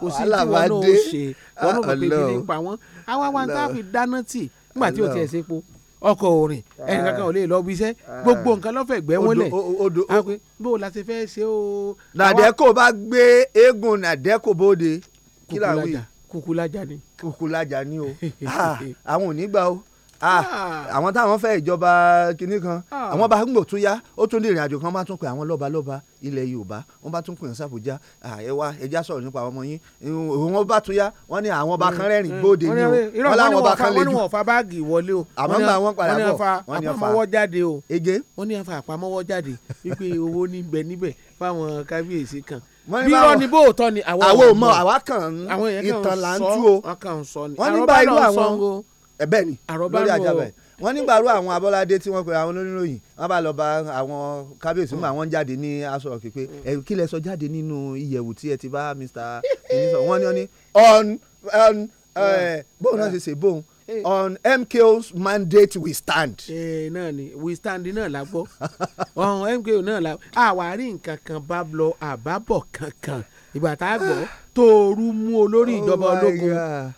kò sí tí wọ́n náà ó ṣe wọ́n náà bọ̀ pé ah, bí ní pa wọ́n àwa wa ń tá a fi dáná tì nígbà tí ò tiẹ̀ sepo ọkọ̀ òrìn ẹnìkan ah. kan ò lè lọ bí iṣẹ́ ah. gbogbo nǹkan lọ́fẹ̀ẹ́ gbẹ́ wọ́n lẹ̀ àpè bó o la ṣe fẹ́ ṣe o. nàdẹ́kò bá gbé eégún nàdẹ́kò bóde kí làwọn yìí kúkúlájà
ni kúkúlájà ni o ah, àwọn ò ní gbà o. Ah, ah. àwọn táwọn fẹ́ ìjọba kinní kan ah. àwọn bá ń gbò tún yá ó tún ní ìrìn àjò kan bá tún pè àwọn lọ́ba lọ́ba ilẹ̀ yorùbá wọ́n bá tún pè wọ́n sàbújá ẹ̀wá ẹja sọ̀rọ̀ nípa àwọn ọmọ yín wọ́n bá tún yá wọ́n ní àwọn ọba kan rẹ́rìn gbòde ni o wọ́n láwọn ọba kan lè jù. wọ́n ní wọ́n
fa báàgì wọlé o àmọ́ gba wọn padà bọ̀ wọ́n ní ọfà àpamọ́wọ́ jáde o ege wọ́n ní ọfà àpamọ́wọ́ jáde wípé owó níbẹ̀ níbẹ̀ fáwọn kábíyèsí kan bí wọ́n ní bóòtọ́ ni àwọn ò mọ̀ àwọn kan ìtàn là ń tú o wọ́n ní báyìí àwọn
ẹ ni lórí àjàbẹ́ wọ́n nígbàrú àwọn abọ́ládé tí wọ́n pe àwọn oníròyìn wọ́n bá lọ bá àwọn kábíyèsí mú àwọn jáde ní aṣọ òkè ẹ kí lẹ sọ jáde nínú ìyẹ̀wù tí ẹ ti bá mr minister wọ́n ní wọ́n ní on on
bóun náà ṣe ṣe bóun on MKO's mandate we stand. ẹ náà ni we stand náà la gbọ́ on MKO náà la àwárí nǹkan kan bá lọ àbábọ̀ kankan ìgbà tá a gbọ́ tóoru mú olórí ìjọba oh ológun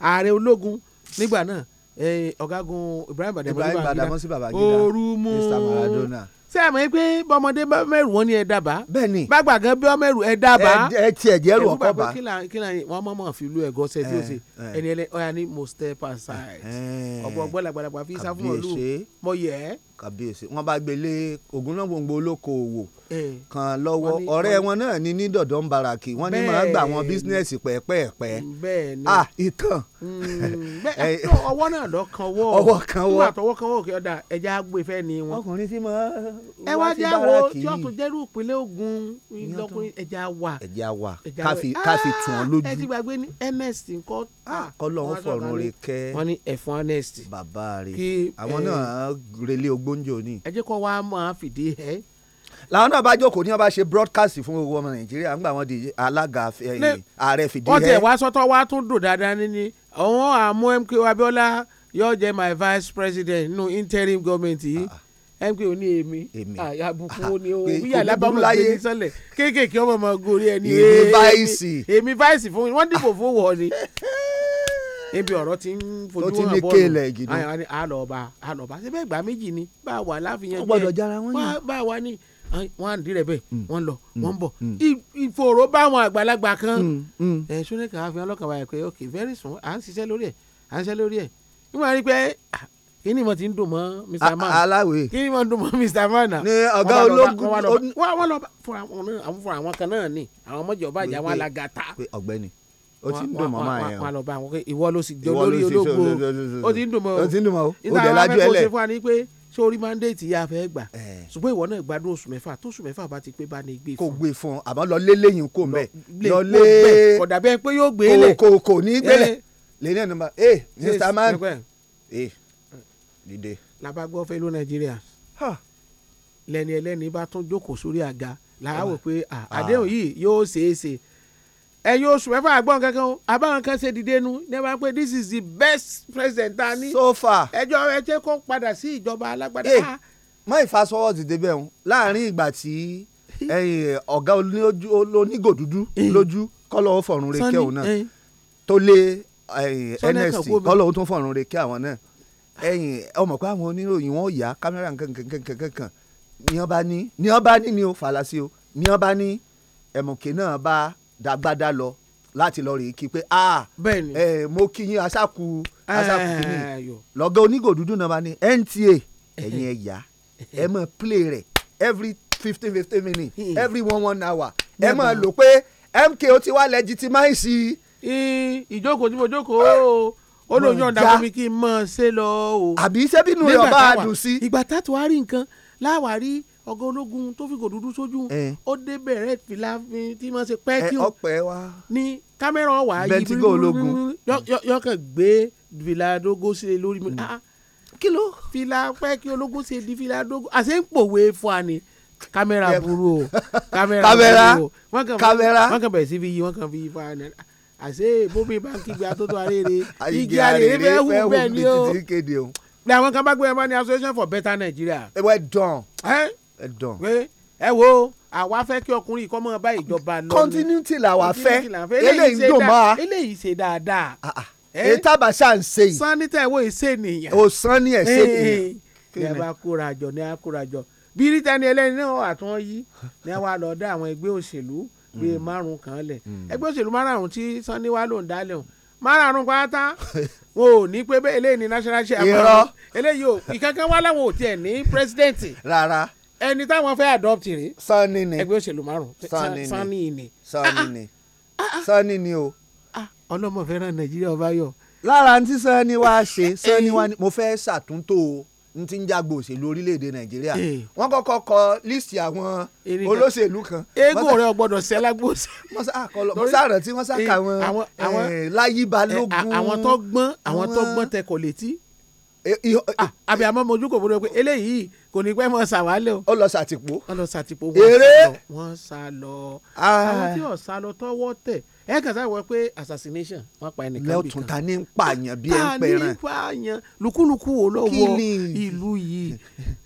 ààrẹ ológun nígbà náà ọ̀gágun Ibrahim Badamasi Babangida ooru mu ṣé ẹ mọ̀ ẹ́ pé bọ́mọdé bá wọn ni ẹ dábàá bẹ́ẹ̀ni bàgbà gan bí ẹ dábàá ẹ ti ẹ̀jẹ̀ rù ọkọ̀ bá wọ́n mọ̀ mọ̀ fi lu ẹ̀gọ́ ṣe tí ó ṣe ẹni ẹlẹ́ ọ̀ya ni mo step aside ọ̀gbọ̀n ọ̀gbọ̀n làgbàlagbà fi sáfún ọ̀lù mọ̀ yẹ. kàbíyèsí
wọn bá gbélé ògúnnágbòǹgbò olókoòwò kan lọ́wọ́ ọ̀rẹ́ wọn náà ni ní dọ̀dọ̀ ń baraki wọ́n ní máa gbà wọn bísínẹ́sì pẹ́ẹ́pẹ́ẹ́pẹ́
ah ìtàn. Mm. [LAUGHS] ọwọ́ náà lọ kan wọ́ ọwọ́ kan wọ́ àtọwọ́ kan wọ́ òkè ọ̀dà ẹja agbèfẹ́ ni wọn. ọkùnrin tí mo ẹ wá já wo tí ó tún jẹ́rú ìpínlẹ̀ Ògùn lọkùnrin ẹja wà. ẹja wà káfi tún ọ lójú. ẹ ti gbàgbé ní Ernest nǹkan. Ah, ah, Ọlọ́run fọ̀run rẹ̀ kẹ́. wọ́n ní ẹ̀fọn Ernest. bàbá rẹ̀ àwọn eh, náà
relé ogbóǹjọ ni. ẹ jẹ́ kó wá máa fìdí ẹ̀ làwọn náà bá jókòó ní wọn bá ṣe broadcast fún gbogbo ọmọ nàìjíríà ńgbà wọn di alága ààrẹ fìdí ẹ. ọtẹ
wá sọtọ wá tún dùn dáadáa níní àwọn àmú MKO Abiola yóò jẹ my vice president nínú interim government yìí ah, ah. mk ò ní èmi ah, àbùkù ò ní o wíyà lábàmù gbèdé sọlẹ kéékèèké ọmọ ọmọ gorí ẹni èmi vice èmi vice fún wọn dìbò fún wọn ni ebi ọ̀rọ̀ ti ń fojú hàn bọ́ọ̀lù àlọ́ba àlọ́ba ṣe bẹ́ẹ̀ gbà méjì ni bá a wà láàfin yẹn jẹ́ bá a wà ní wọ́n á dirẹ̀ bẹ́ẹ̀ mm. wọ́n lọ mm. wọ́n bọ̀ mm. ìfòòró bá àwọn àgbàlagbà kan ẹ̀ ṣúnẹ́kà á fi ọlọ́kàn báyìí pé ok very soon à ń ṣiṣẹ́ lórí ẹ̀ à ń ṣiṣẹ́ lórí ẹ̀ ìmọ̀ àrí pé ah, kí ni mo ti ń dùn mọ́ Mr. Man aláwe kí ni mo ń dùn mọ́ Mr. Man na. ni ọ̀gá ológun wọ́n lọ fún àwọn fún àwọn kan náà ni àwọn ọmọdé ọba àjà wọn alágàtà. ọ̀gbẹ́ni
o ti ń dùn mọ́ máa yẹn o. wọn lọ
bá wọn pé ìwọ ló sì jọ lórí ológun o ti ń dùn mọ́ o. o ti ṣé orí mandate yà fẹ́ gbà ṣùgbọ́n ìwọ náà gbádùn oṣù mẹ́fà tó oṣù mẹ́fà bá ti pé bá ní gbé fún. kò gbé fún àmọ́ lọ lé lẹ́yìn kò mẹ́ lọ lé kódà bẹ́ẹ̀ pé yóò gbé lẹ̀ kò kò ní gbé lẹ̀ lẹ́yìn ẹ̀ nọmba ẹ mr man ẹ eh, dìde. labagbọ́ fẹ́ ló nàìjíríà lẹ́ni ẹlẹ́ni bá tún jókòó sórí àga làá wò pé ah. àdéhùn yìí yóò ṣeé ṣe ẹ̀yin oṣù mẹ́fà àgbọ̀n kankan o kan ṣe dìde nu ní ẹ máa this is the best president ta ni. so far ẹjọ́ ẹ kó padà sí ìjọba alágbádá. Eh,
má ìfàsọwọ́ dìde bẹ́ẹ̀ o láàrin ìgbà tí ọ̀gá onígò dúdú eh. lójú kọ́lọ́ fọ̀rùn rẹ̀ kẹ́ òun náà eh. tó lé nsc kọ́lọ́ tó fọ̀rùn rẹ̀ kẹ́ àwọn náà ẹ̀yìn ọmọ pé àwọn oníròyìn wọn ò yá kámẹ́rà kankankankan ni wọ́n bá ní ni wọ́n bá ní ni ó falasi dàgbàdà lọ láti lọ rèé kí pé ah eh, mo kí yín asáku asáku kìíní lọ́gá onígò dúdú náà bá ní NTA ẹ̀yin ẹ̀yà ẹ mọ̀ play rẹ̀ every fifteen fifteen minutes every one one hour ẹ mọ̀ lò
pé O ti wá legitimize. ìjókòó tí mo jókòó ó lóun yọ̀ǹda fún mi kí n mọ̀ ṣe lọ o. àbí sẹ́bínú rẹ̀ ọba àdùn sí. ìgbà tá a tó wá rí nǹkan láwárí ọgá ológun tó fi gòdúdú sójú ó dé bẹ̀rẹ̀ fìlà tí wọ́n ṣe pẹ́ kí o ní kámẹ́rà wà yí bíríbírí ológun [LAUGHS] yọkàn gbé fìlà dógó ṣe lórí mi mm. ah, kí ló fìlà pẹ́ kí ológun ṣe di fìlà dógó àṣẹ ń pòwe fún wa ni kámẹ́rà burú o [LAUGHS] kámẹ́rà burú o wọ́n kàn bẹ̀rẹ̀ sí fi yí wọ́n kàn fi yí fún wa ni àṣẹ bóbi bá ń kígbe atótó arére igi arére bẹ́ẹ̀ hù bẹ́ẹ̀ ni o bí àwọn kan bá gbé ẹ bá ní association for better Nigeria. ẹ wẹ́ dán pé ẹ wo àwa fẹ́ kí ọkùnrin kọ́ mọ́ bá ìjọba lọ. continuity la wa fẹ́ eléyìí dùn mọ́ a eléyìí ṣe dáadáa. Ah, ah. èyí tábà ṣá ń ṣe yìí. sanni tẹ̀ wo ìṣe nìyẹn. o sanni ẹ̀ ṣe nìyẹn. ní a bá kóra jọ ní a kóra jọ bí rítẹ́ni ẹlẹ́ni náà àtún yí ní a wá lọ dá àwọn ẹgbẹ́ òṣèlú bíi hmm. márùn kan lẹ̀ hmm. ẹgbẹ́ òṣèlú márùn tí sanni wá ló ń dálẹ̀ o márùn pátá [LAUGHS] wọn ò ní pé eléyìí ni national chair. irọ́ eléyìí o ìkankan wá láwọn ò tiẹ̀ ní pírẹsidẹ́ǹtì. rárá ẹni táwọn fẹ́ adopt rèé. sanni ni ẹgbẹ́ òṣèlú márùn-ún sanni ni sanni ni sanni ah, ah, ah, ni o. ọlọ́mọ fẹ́ràn nàìjíríà ọba yọ.
lára ní sanni wá ṣe sanni wá ni mo fẹ́ ṣàtúntò o n ti ń jágbo òṣèlú orílẹ̀-èdè nàìjíríà eh. wọ́n kọ́kọ́ kọ líìsì àwọn olóṣèlú kan. eégún rẹ gbọ́dọ̀ ṣe alágbóṣe. wọ́n ṣàrántí wọ́n ṣàkà eh, wọn
eh, láyé balógun. àwọn tó gbọ́n àwọn tó gbọ́n tẹkọ̀ létí. àbí àmọ́ mojú kò bọ́dọ̀ pé eléyìí kò ní pẹ́ mọ́ sàwálẹ̀ o. ó lọ sàtìpó. ó lọ sàtìpó wọ́n sá lọ. Ah. àwọn tí ò sá lọ tọ́wọ́ tẹ̀ ẹ kàn sáà wọ pé assassination wọ́n pa ẹnìkan bìkan. lẹ́ọ̀tún ta ní
pààyàn bí ẹ ń pẹ̀ràn. ta ní
pààyàn lukuluku wo ló wọ ìlú yìí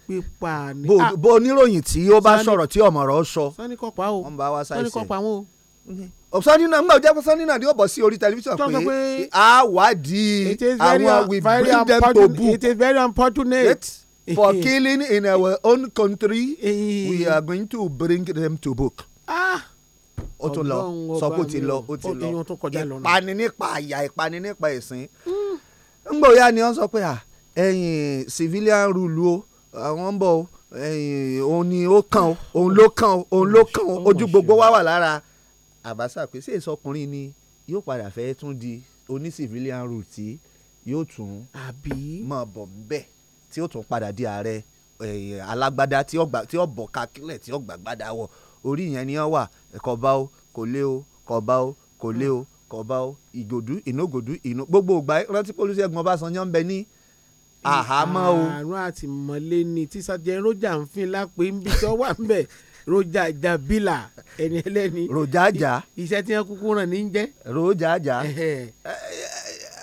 pípa ni. bo ah.
oníròyìn tí ó bá sọ̀rọ̀ tí ọmọ rẹ̀ sọ.
sani kọpa o
sani kọpa wọn o. Oh, sani na nígbà jẹ́ sani náà ni yóò bọ̀ sí orí tẹlifíṣàn pé àwádìí àwọn we bring them to book. it is very unfortunate for killing in our own country we are going to bring them to book. Ah! ó tún lọ sọ pé ó ti lọ ó ti lọ ìpani nípa àyà ìpani nípa ẹ̀sìn. ngbọ̀ọ́yà hmm. ni wọ́n sọ pé ẹ̀yìn civilian rule o àwọn ń bọ̀ o òun ni ó kàn ó òun ló kàn ó òun ló kàn ó ojú gbogbo wa wà lára àbáṣà pé ṣé ìsọkùnrin ni yóò padà fẹ́ tún di oní civilian rule tí yóò tún mọ̀ bọ̀ ń tí ó tún padà di ààrẹ eh, alágbádá tí ó bọ̀ kakílẹ̀ tí ó gbàgbádá wọ̀ orí yẹn ni wọ́n wà kọba o kò lé o kọba o kò lé o kọba o ìgòdú ìnógòdú ìnó gbogbo ìgbà
rántí Olúṣẹ́gun Ọbásanjọ́ ń bẹ ní àhámọ́ o. àrùn àtìmọ́lé ni tíṣà jẹ́ rojà ń fin lápé níbi tí wọ́n wà ń bẹ̀ rojà jabila ẹni ẹlẹ́ni. rojà jà. iṣẹ́ tí wọ́n kúkú ràn ní jẹ́. rojà jà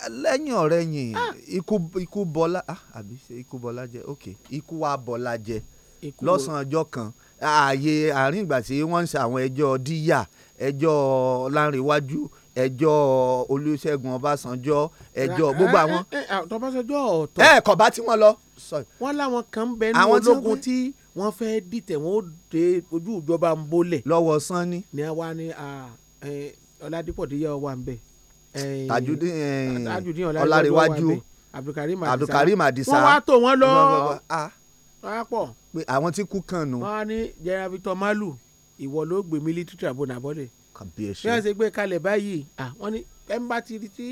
lẹ́yìn ọ̀rẹ́ yìn ah. ikú bọ́lá ah, àbí ṣe ikú bọ́lá jẹ ok ikú wa bọ́lá jẹ lọ́sàn-án ọjọ́ kan ààyè àárín ìgbà tí wọ́n ń ṣe àwọn ẹjọ́ díyà ẹjọ́ ọlárìnwájú ẹjọ́ olúṣẹ́gun ọbásanjọ́ ẹjọ́ gbogbo àwọn.
ọbásanjọ́ ọ̀tọ̀ ẹ kò bá tí wọ́n lọ. wọ́n láwọn kan bẹ ní ológun tí wọ́n fẹ́ dìtẹ̀ wọ́n ó de ojú ìjọba ń bolẹ̀. lọ́wọ́ sanni. ni a wá ní ọládìpọ̀ díyà wà ń bẹ̀ tajudeen eh, ọlárẹ̀wájú abdulkareem adisa wọ́n wá tò wọ́n lọ pápọ̀. Ah.
pé àwọn tí kú kàn nù.
wọ́n ní jẹ́ra victor malu ìwọ ló gbé military tribunal bọ́lẹ̀.
kàbíyèsí. bí
ṣe gbé kalẹ̀ báyìí ah, wọ́n ní ẹ̀ ń bá ti rí tí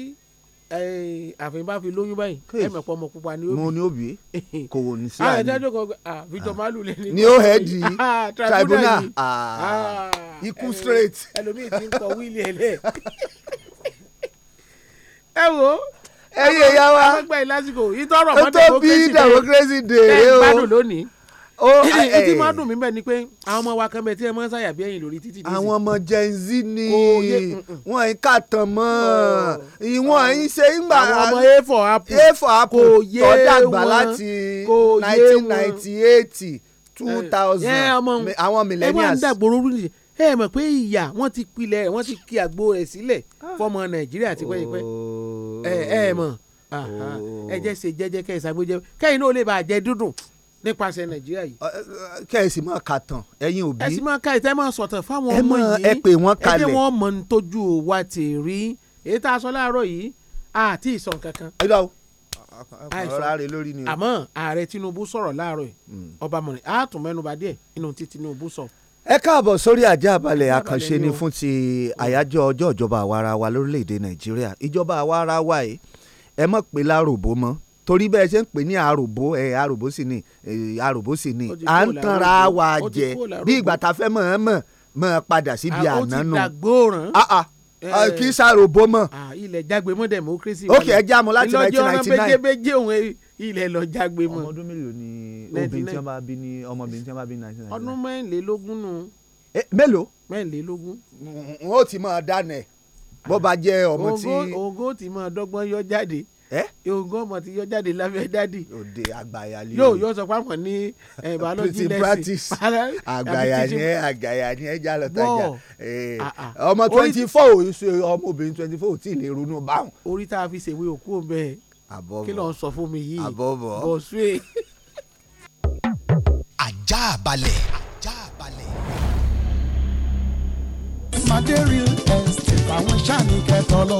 àfihàn bá fi lóyún báyìí ẹ̀ mẹ̀pọ̀ ọmọ pupa ni ó mo ní òbí
[LAUGHS] kò wò ní sí ah, àná. àwọn ìdájọ́
kan victor malu lè ní. ni ó hẹ́ di tribunal ikú straight. ẹlòmíì ti ń kọ wíìlì ẹ̀ lẹ́ẹ̀. [LAUGHS] ẹ wo ẹyẹ ìyá wa ó tó bí democracy day o gbádùn lónìí etí máa dùn mí bẹ́ẹ̀ ni pé àwọn ọmọ wa kan bẹ tí ẹ máa ń ṣàyà bí ẹ̀yìn lórí títí dé sí. àwọn ọmọ
Gen Z ni wọn ì kàtàn mọ́ ìwọ̀n ì ṣe ń gbà àwọn ọmọ
a for apple a for apple tó dàgbà láti
nineteen ninety
eight two thousand àwọn millennials. ẹ wá ń dàgbò rúrú nìyẹn ẹ mọ̀ pé ìyà wọ́n ti pilẹ̀ rẹ̀ ti kí àgbo rẹ̀ sílẹ̀ ah. fọmọ nàìjíríà ti pẹ́yìpẹ́ ẹ ẹ mọ̀ ẹ jẹ́ ṣe jẹ́jẹ́ kẹ́ ẹ ṣàgbó jẹ́ kẹ́yìn náà ó lè bá jẹ́ dúdùn nípasẹ̀ nàìjíríà yìí. kẹ́ ẹ sì máa kà tán ẹ̀yin òbí. ẹ sì máa ka ìtẹ́ máa sọ̀tàn fáwọn ọmọ yìí ẹ pè wọ́n kalẹ̀ ẹ jẹ́ wọ́n mọ̀ ń tójú wa ti rí èyí tá a sọ láàárọ̀ yìí àti ìsàn kankan. àìsàn àmọ́ ààrẹ Tinubu sọ̀rọ̀ láàárọ̀ yìí hmm. ọba mọ̀rin àtúnmẹ́nuba díẹ̀ nínú tí Tinubu sọ
ẹ káàbọ̀ sórí àjà àbálẹ̀ àkànṣe ni fún ti àyájọ́ ọjọ́ ìjọba àwa ara wa lórílẹ̀‐èdè nàìjíríà ìjọba àwa ara wa yìí ẹ mọ̀ pé láròbó mọ́ torí bẹ́ẹ̀ ṣe ń pè ní àròbó ẹ̀ àròbó sì ni àròbó sì ni à ń tanra wa jẹ bí ìgbà tá fẹ́ mọ̀ ẹ́ mọ̀ mọ̀ padà síbi àná nù. àwọn ti dàgbòràn
ilẹ̀ jágbe mọ́ democracy. ok ẹ já mu láti nineteen ninety nine. ìlọjọ́ ọ̀rọ̀ bẹ́jẹ́ bẹ́jẹ́ òun ilẹ̀ lọ jágbe mọ́. ọmọ ọdún mélòó ni obìnrin tí wọ́n bá bí ní ọmọbìnrin tí wọ́n bá bí ní nineteen ninety nine. ọdún mẹ́rìnlélógún nù. mélòó. mẹ́rìnlélógún. n ó ti máa dáná ẹ̀ bó bá jẹ́ ọmọ tí. ògo ti máa dọ́gbọ́n yọ jáde ogun ọmọ ti yọ jáde lábẹ́ dádì. òde àgbàyà lè. yóò yọ sọ pàmò ní [LAUGHS] biology
lesson. [LAUGHS] àgbàyà ni ẹ
àgbàyà ni ẹ jà ah, lọ́tajà
ah. ọmọ twenty
four ọmọ obìnrin twenty four ò tí ì lè ronú báwọn. orí tá a fi ṣèwé òkú bẹ́ẹ̀ àbọ̀bọ̀ kí ló ń sọ fún mi yìí àbọ̀bọ̀ bọ̀sùwé. ajá balẹ̀. ajá balẹ̀.
material estate àwọn sáà ní kẹtọ lọ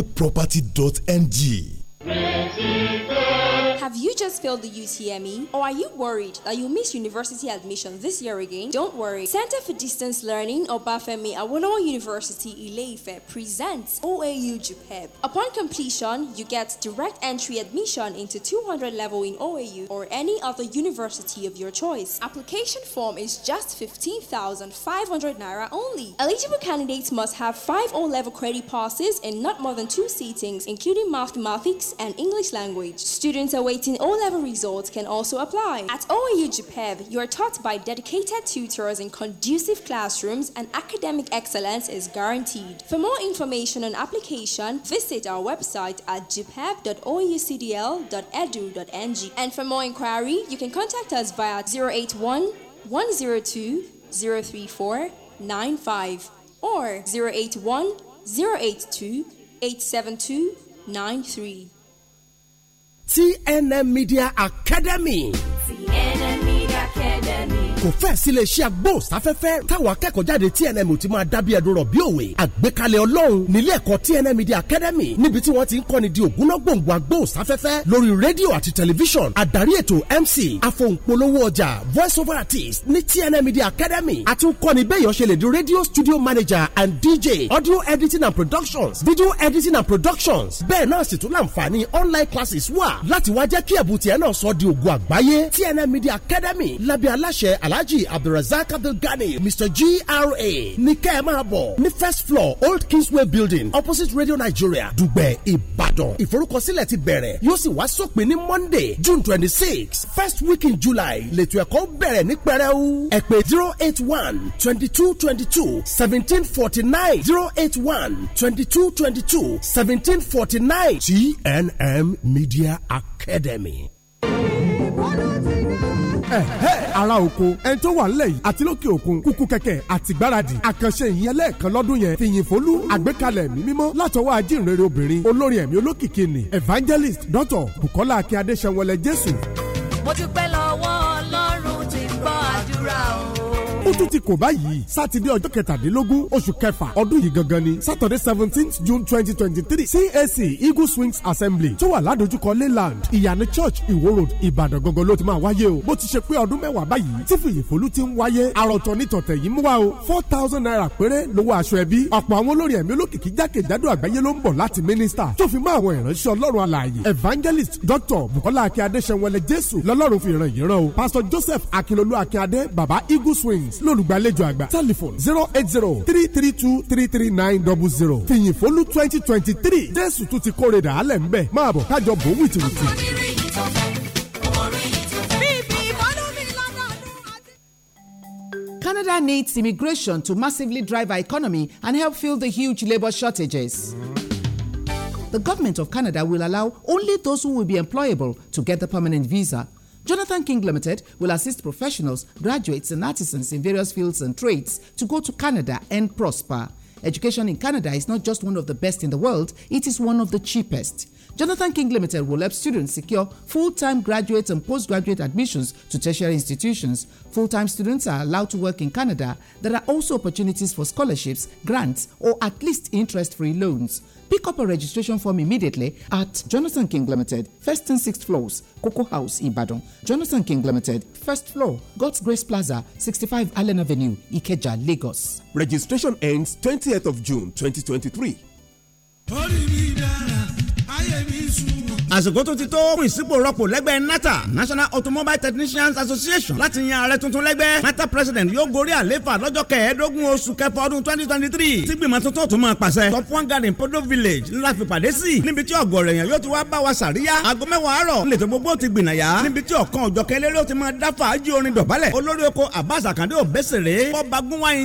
property.ng
Have you just failed the UTME? Or are you worried that you'll miss university admission this year again? Don't worry. Center for Distance Learning or BAFEME at University Ileife presents OAU JUPEB. Upon completion, you get direct entry admission into 200 level in OAU or any other university of your choice. Application form is just 15,500 naira only. Eligible candidates must have 5 O level credit passes and not more than 2 seatings including mathematics and English language. Students await in O level results can also apply. At OAU JPEB, you are taught by dedicated tutors in conducive classrooms and academic excellence is guaranteed. For more information on application, visit our website at jpeb.oucdl.edu.ng. And for more inquiry, you can contact us via 081 102 034 95 or 081 082 872 93.
CNN Media Academy.
CNN Media Academy.
kò fẹ́ sílé iṣẹ́ agbóhùnsáfẹ́fẹ́ táwọn akẹ́kọ̀ọ́ jáde TNM ti máa dábìí ẹ̀dùn rọ̀ bí òwe àgbékalẹ̀ ọlọ́run nílé ẹ̀kọ́ TNM Media Academy níbi tí wọ́n ti ń kọ́ni di ògúnná gbòǹgbò agbóhùnsáfẹ́fẹ́ lórí rédíò àti tẹlifíṣọ̀n àdarí ètò MC afohùnpolówó ọjà voice over artist ní TNM Media Academy àti ń kọ́ni bẹ́yàn ṣe lè di radio studio manager
and DJ audio editing and productions video editing and productions bẹ́ẹ̀ náà sì tún láǹfààní online classes wà láti wá jẹ́ kí ẹ̀bùn tiẹ̀ náà sọ di ògùn àgbáyé TNM Media Academy
lábẹ́ aláṣẹ àl alhaji abdulrasaq abdulgani mr gra ní kẹ́ máa bọ̀ ní first floor old kingsway building opposite radio nigeria dùgbẹ̀ ìbàdàn ìforúkọsílẹ̀
ti bẹ̀rẹ̀ yóò sì wá sópin ní monday june twenty six first week in july lẹ́tọ̀ ẹ̀kọ́ bẹ̀rẹ̀ ní pẹrẹu ẹ pè zero eight one twenty two twenty two seventeen
forty nine zero eight one twenty two twenty two seventeen forty nine tnm media academy
ara oko ẹni tó wà nílẹ̀ yìí àti lókè òkun kúkú kẹ̀kẹ́ àtìgbáradì àkànṣe ìyẹn lẹ́ẹ̀kan lọ́dún yẹn fìyìn fólú àgbékalẹ̀ ẹ̀mí mímọ́ látọwọ́ ajínrere obìnrin olórin ẹ̀mí olókìkí ni evangelist dr bukola akíndé ṣẹ̀wọ̀lẹ̀ jésù.
mo dúpẹ́ lọ́wọ́ ọlọ́run ti gbọ́ àdúrà o
ó tún ti kò báyìí sátidé ọjọ́ kẹtàdínlógún oṣù kẹfà ọdún yìí gangan ni saturday seventeenth june twenty twenty three cac eagle swings assembly tó wà ládojúkọ leyland ìyànà church ìwó road ìbàdàn gangan ló ti máa wáyé o bó ti ṣe pé ọdún mẹ́wàá báyìí tí fìyèfólú ti ń wáyé àròtọ̀ ní tọ̀tẹ̀ yìí mú wa o four thousand naira péré lówó aṣọ ẹbí ọ̀pọ̀ àwọn olórin ẹ̀mí olókìkí jákèjádò àgbáyé ló ń bọ̀ láti mínísítà tó fi mọ́ àwọn ìránṣẹ́ ọlọ́run alààyè evangelist dr bukola akíndé ṣẹ́wọlẹ̀ jésù lọ́lọ́run fi ràn yín rán o pastor joseph Akilolu akíndé baba eagle swings lólùgbàlejò àgbà tẹlifon zero eight zero three three two three three nine double zero fìyìnfólú twenty twenty three jésù tún ti kórè dàálẹ̀ ń bẹ̀
máa bọ̀ kájọ bò wìtìwìtì. Canada needs immigration to massively drive our economy and help fill the huge labor shortages. The government of Canada will allow only those who will be employable to get the permanent visa Jonathan King Limited will assist professionals, graduates, and artisans in various fields and trades to go to Canada and prosper. Education in Canada is not just one of the best in the world, it is one of the cheapest. Jonathan King Limited will help students secure full time graduate and postgraduate admissions to tertiary institutions. Full time students are allowed to work in Canada. There are also opportunities for scholarships, grants, or at least interest free loans. Pick up a registration form immediately at Jonathan King Limited, first and sixth floors, Coco House, Ibadan. Jonathan King Limited, first floor, God's Grace Plaza, 65 Allen Avenue, Ikeja, Lagos. Registration ends 20th of June 2023
orí mi dára ayé mi
sunwọ̀n. àsìkò tó ti tó fún ìsìnkú rọ́pò lẹ́gbẹ́ nata national automobile technicians association láti yan ààrẹ tuntun lẹ́gbẹ́ nata president yóò gorí àléfà lọ́jọ́ kẹẹ̀ẹ́dógún oṣù kẹfà ọdún twenty twenty three tí gbìmọ̀ tuntun tún máa pàṣẹ top one garden podo village ńlá fìpàdé sí níbi tí ọ̀gọ̀rọ̀ èèyàn yóò ti wá bá wa sàríyá aago mẹ́wàá àárọ̀ lètò gbogbo ti gbìnàyà níbi tí ọ̀kan òjọ̀kẹ́ eléré ó ti máa dá fàájì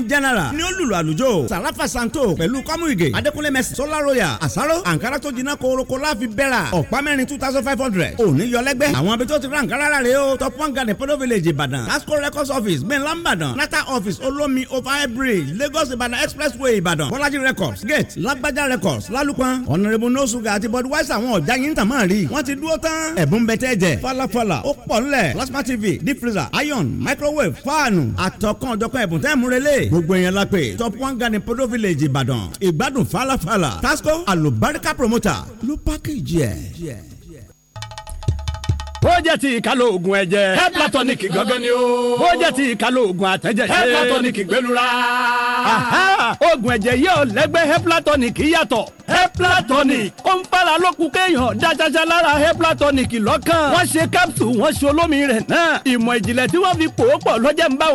general ní olùlù àlùjọ sàláfà santo pẹ̀lú kọ́mú ìgè adékúnlé mẹ́sì sọ́lá àsáró àǹkárá tó jiná koroko láfi bẹ́ra ọ̀pá mẹ́rin two thousand five hundred òní yọlẹ́gbẹ́ àwọn abi tó ti ra àǹkárá rà rè o top one garden polo village ìbàdàn tasco records office mainland ìbàdàn nata office olómi overhead bridge lagos ìbàdàn expressway ìbàdàn bọ́lájí records gate lágbájá records lálùpọ̀n ọ̀nàrẹ́bù no sugar àti budweiser àwọn ọ̀já yìí ń tàn máa rí wọ́n ti dúró tán ẹ̀bùn bẹ́tẹ́ jẹ falafala ó pọ̀ ńlẹ̀ plasma tv deep freezer iron microwave fáànù àtọ̀kan ọ̀jọ̀kan ẹ̀bùn tẹ́ múrelé gbogbo èèyàn la top one garden polo village ìbàdàn ìgbádùn falafala tasco o àlùbáríkà promoter ló pákéjì ẹ̀ ó jẹ́ ti ìkálò oògùn ẹ̀jẹ̀. heplatonic gangan ni o. ó jẹ́ ti ìkálò oògùn àtẹ̀jẹ̀. heplatonic gbẹlura. oògùn ẹ̀jẹ̀ yóò lẹ́gbẹ́ heplatonic yàtọ̀. heplatonic ó ń fara lókun kéèyàn dájájá lára heplatonic lọ́kàn. wọ́n ṣe capsule wọ́n ṣe olómi rẹ̀ náà. ìmọ̀ ìjìnlẹ̀ tí wọ́n fi pòó pọ̀ lọ́jẹ́ ń bá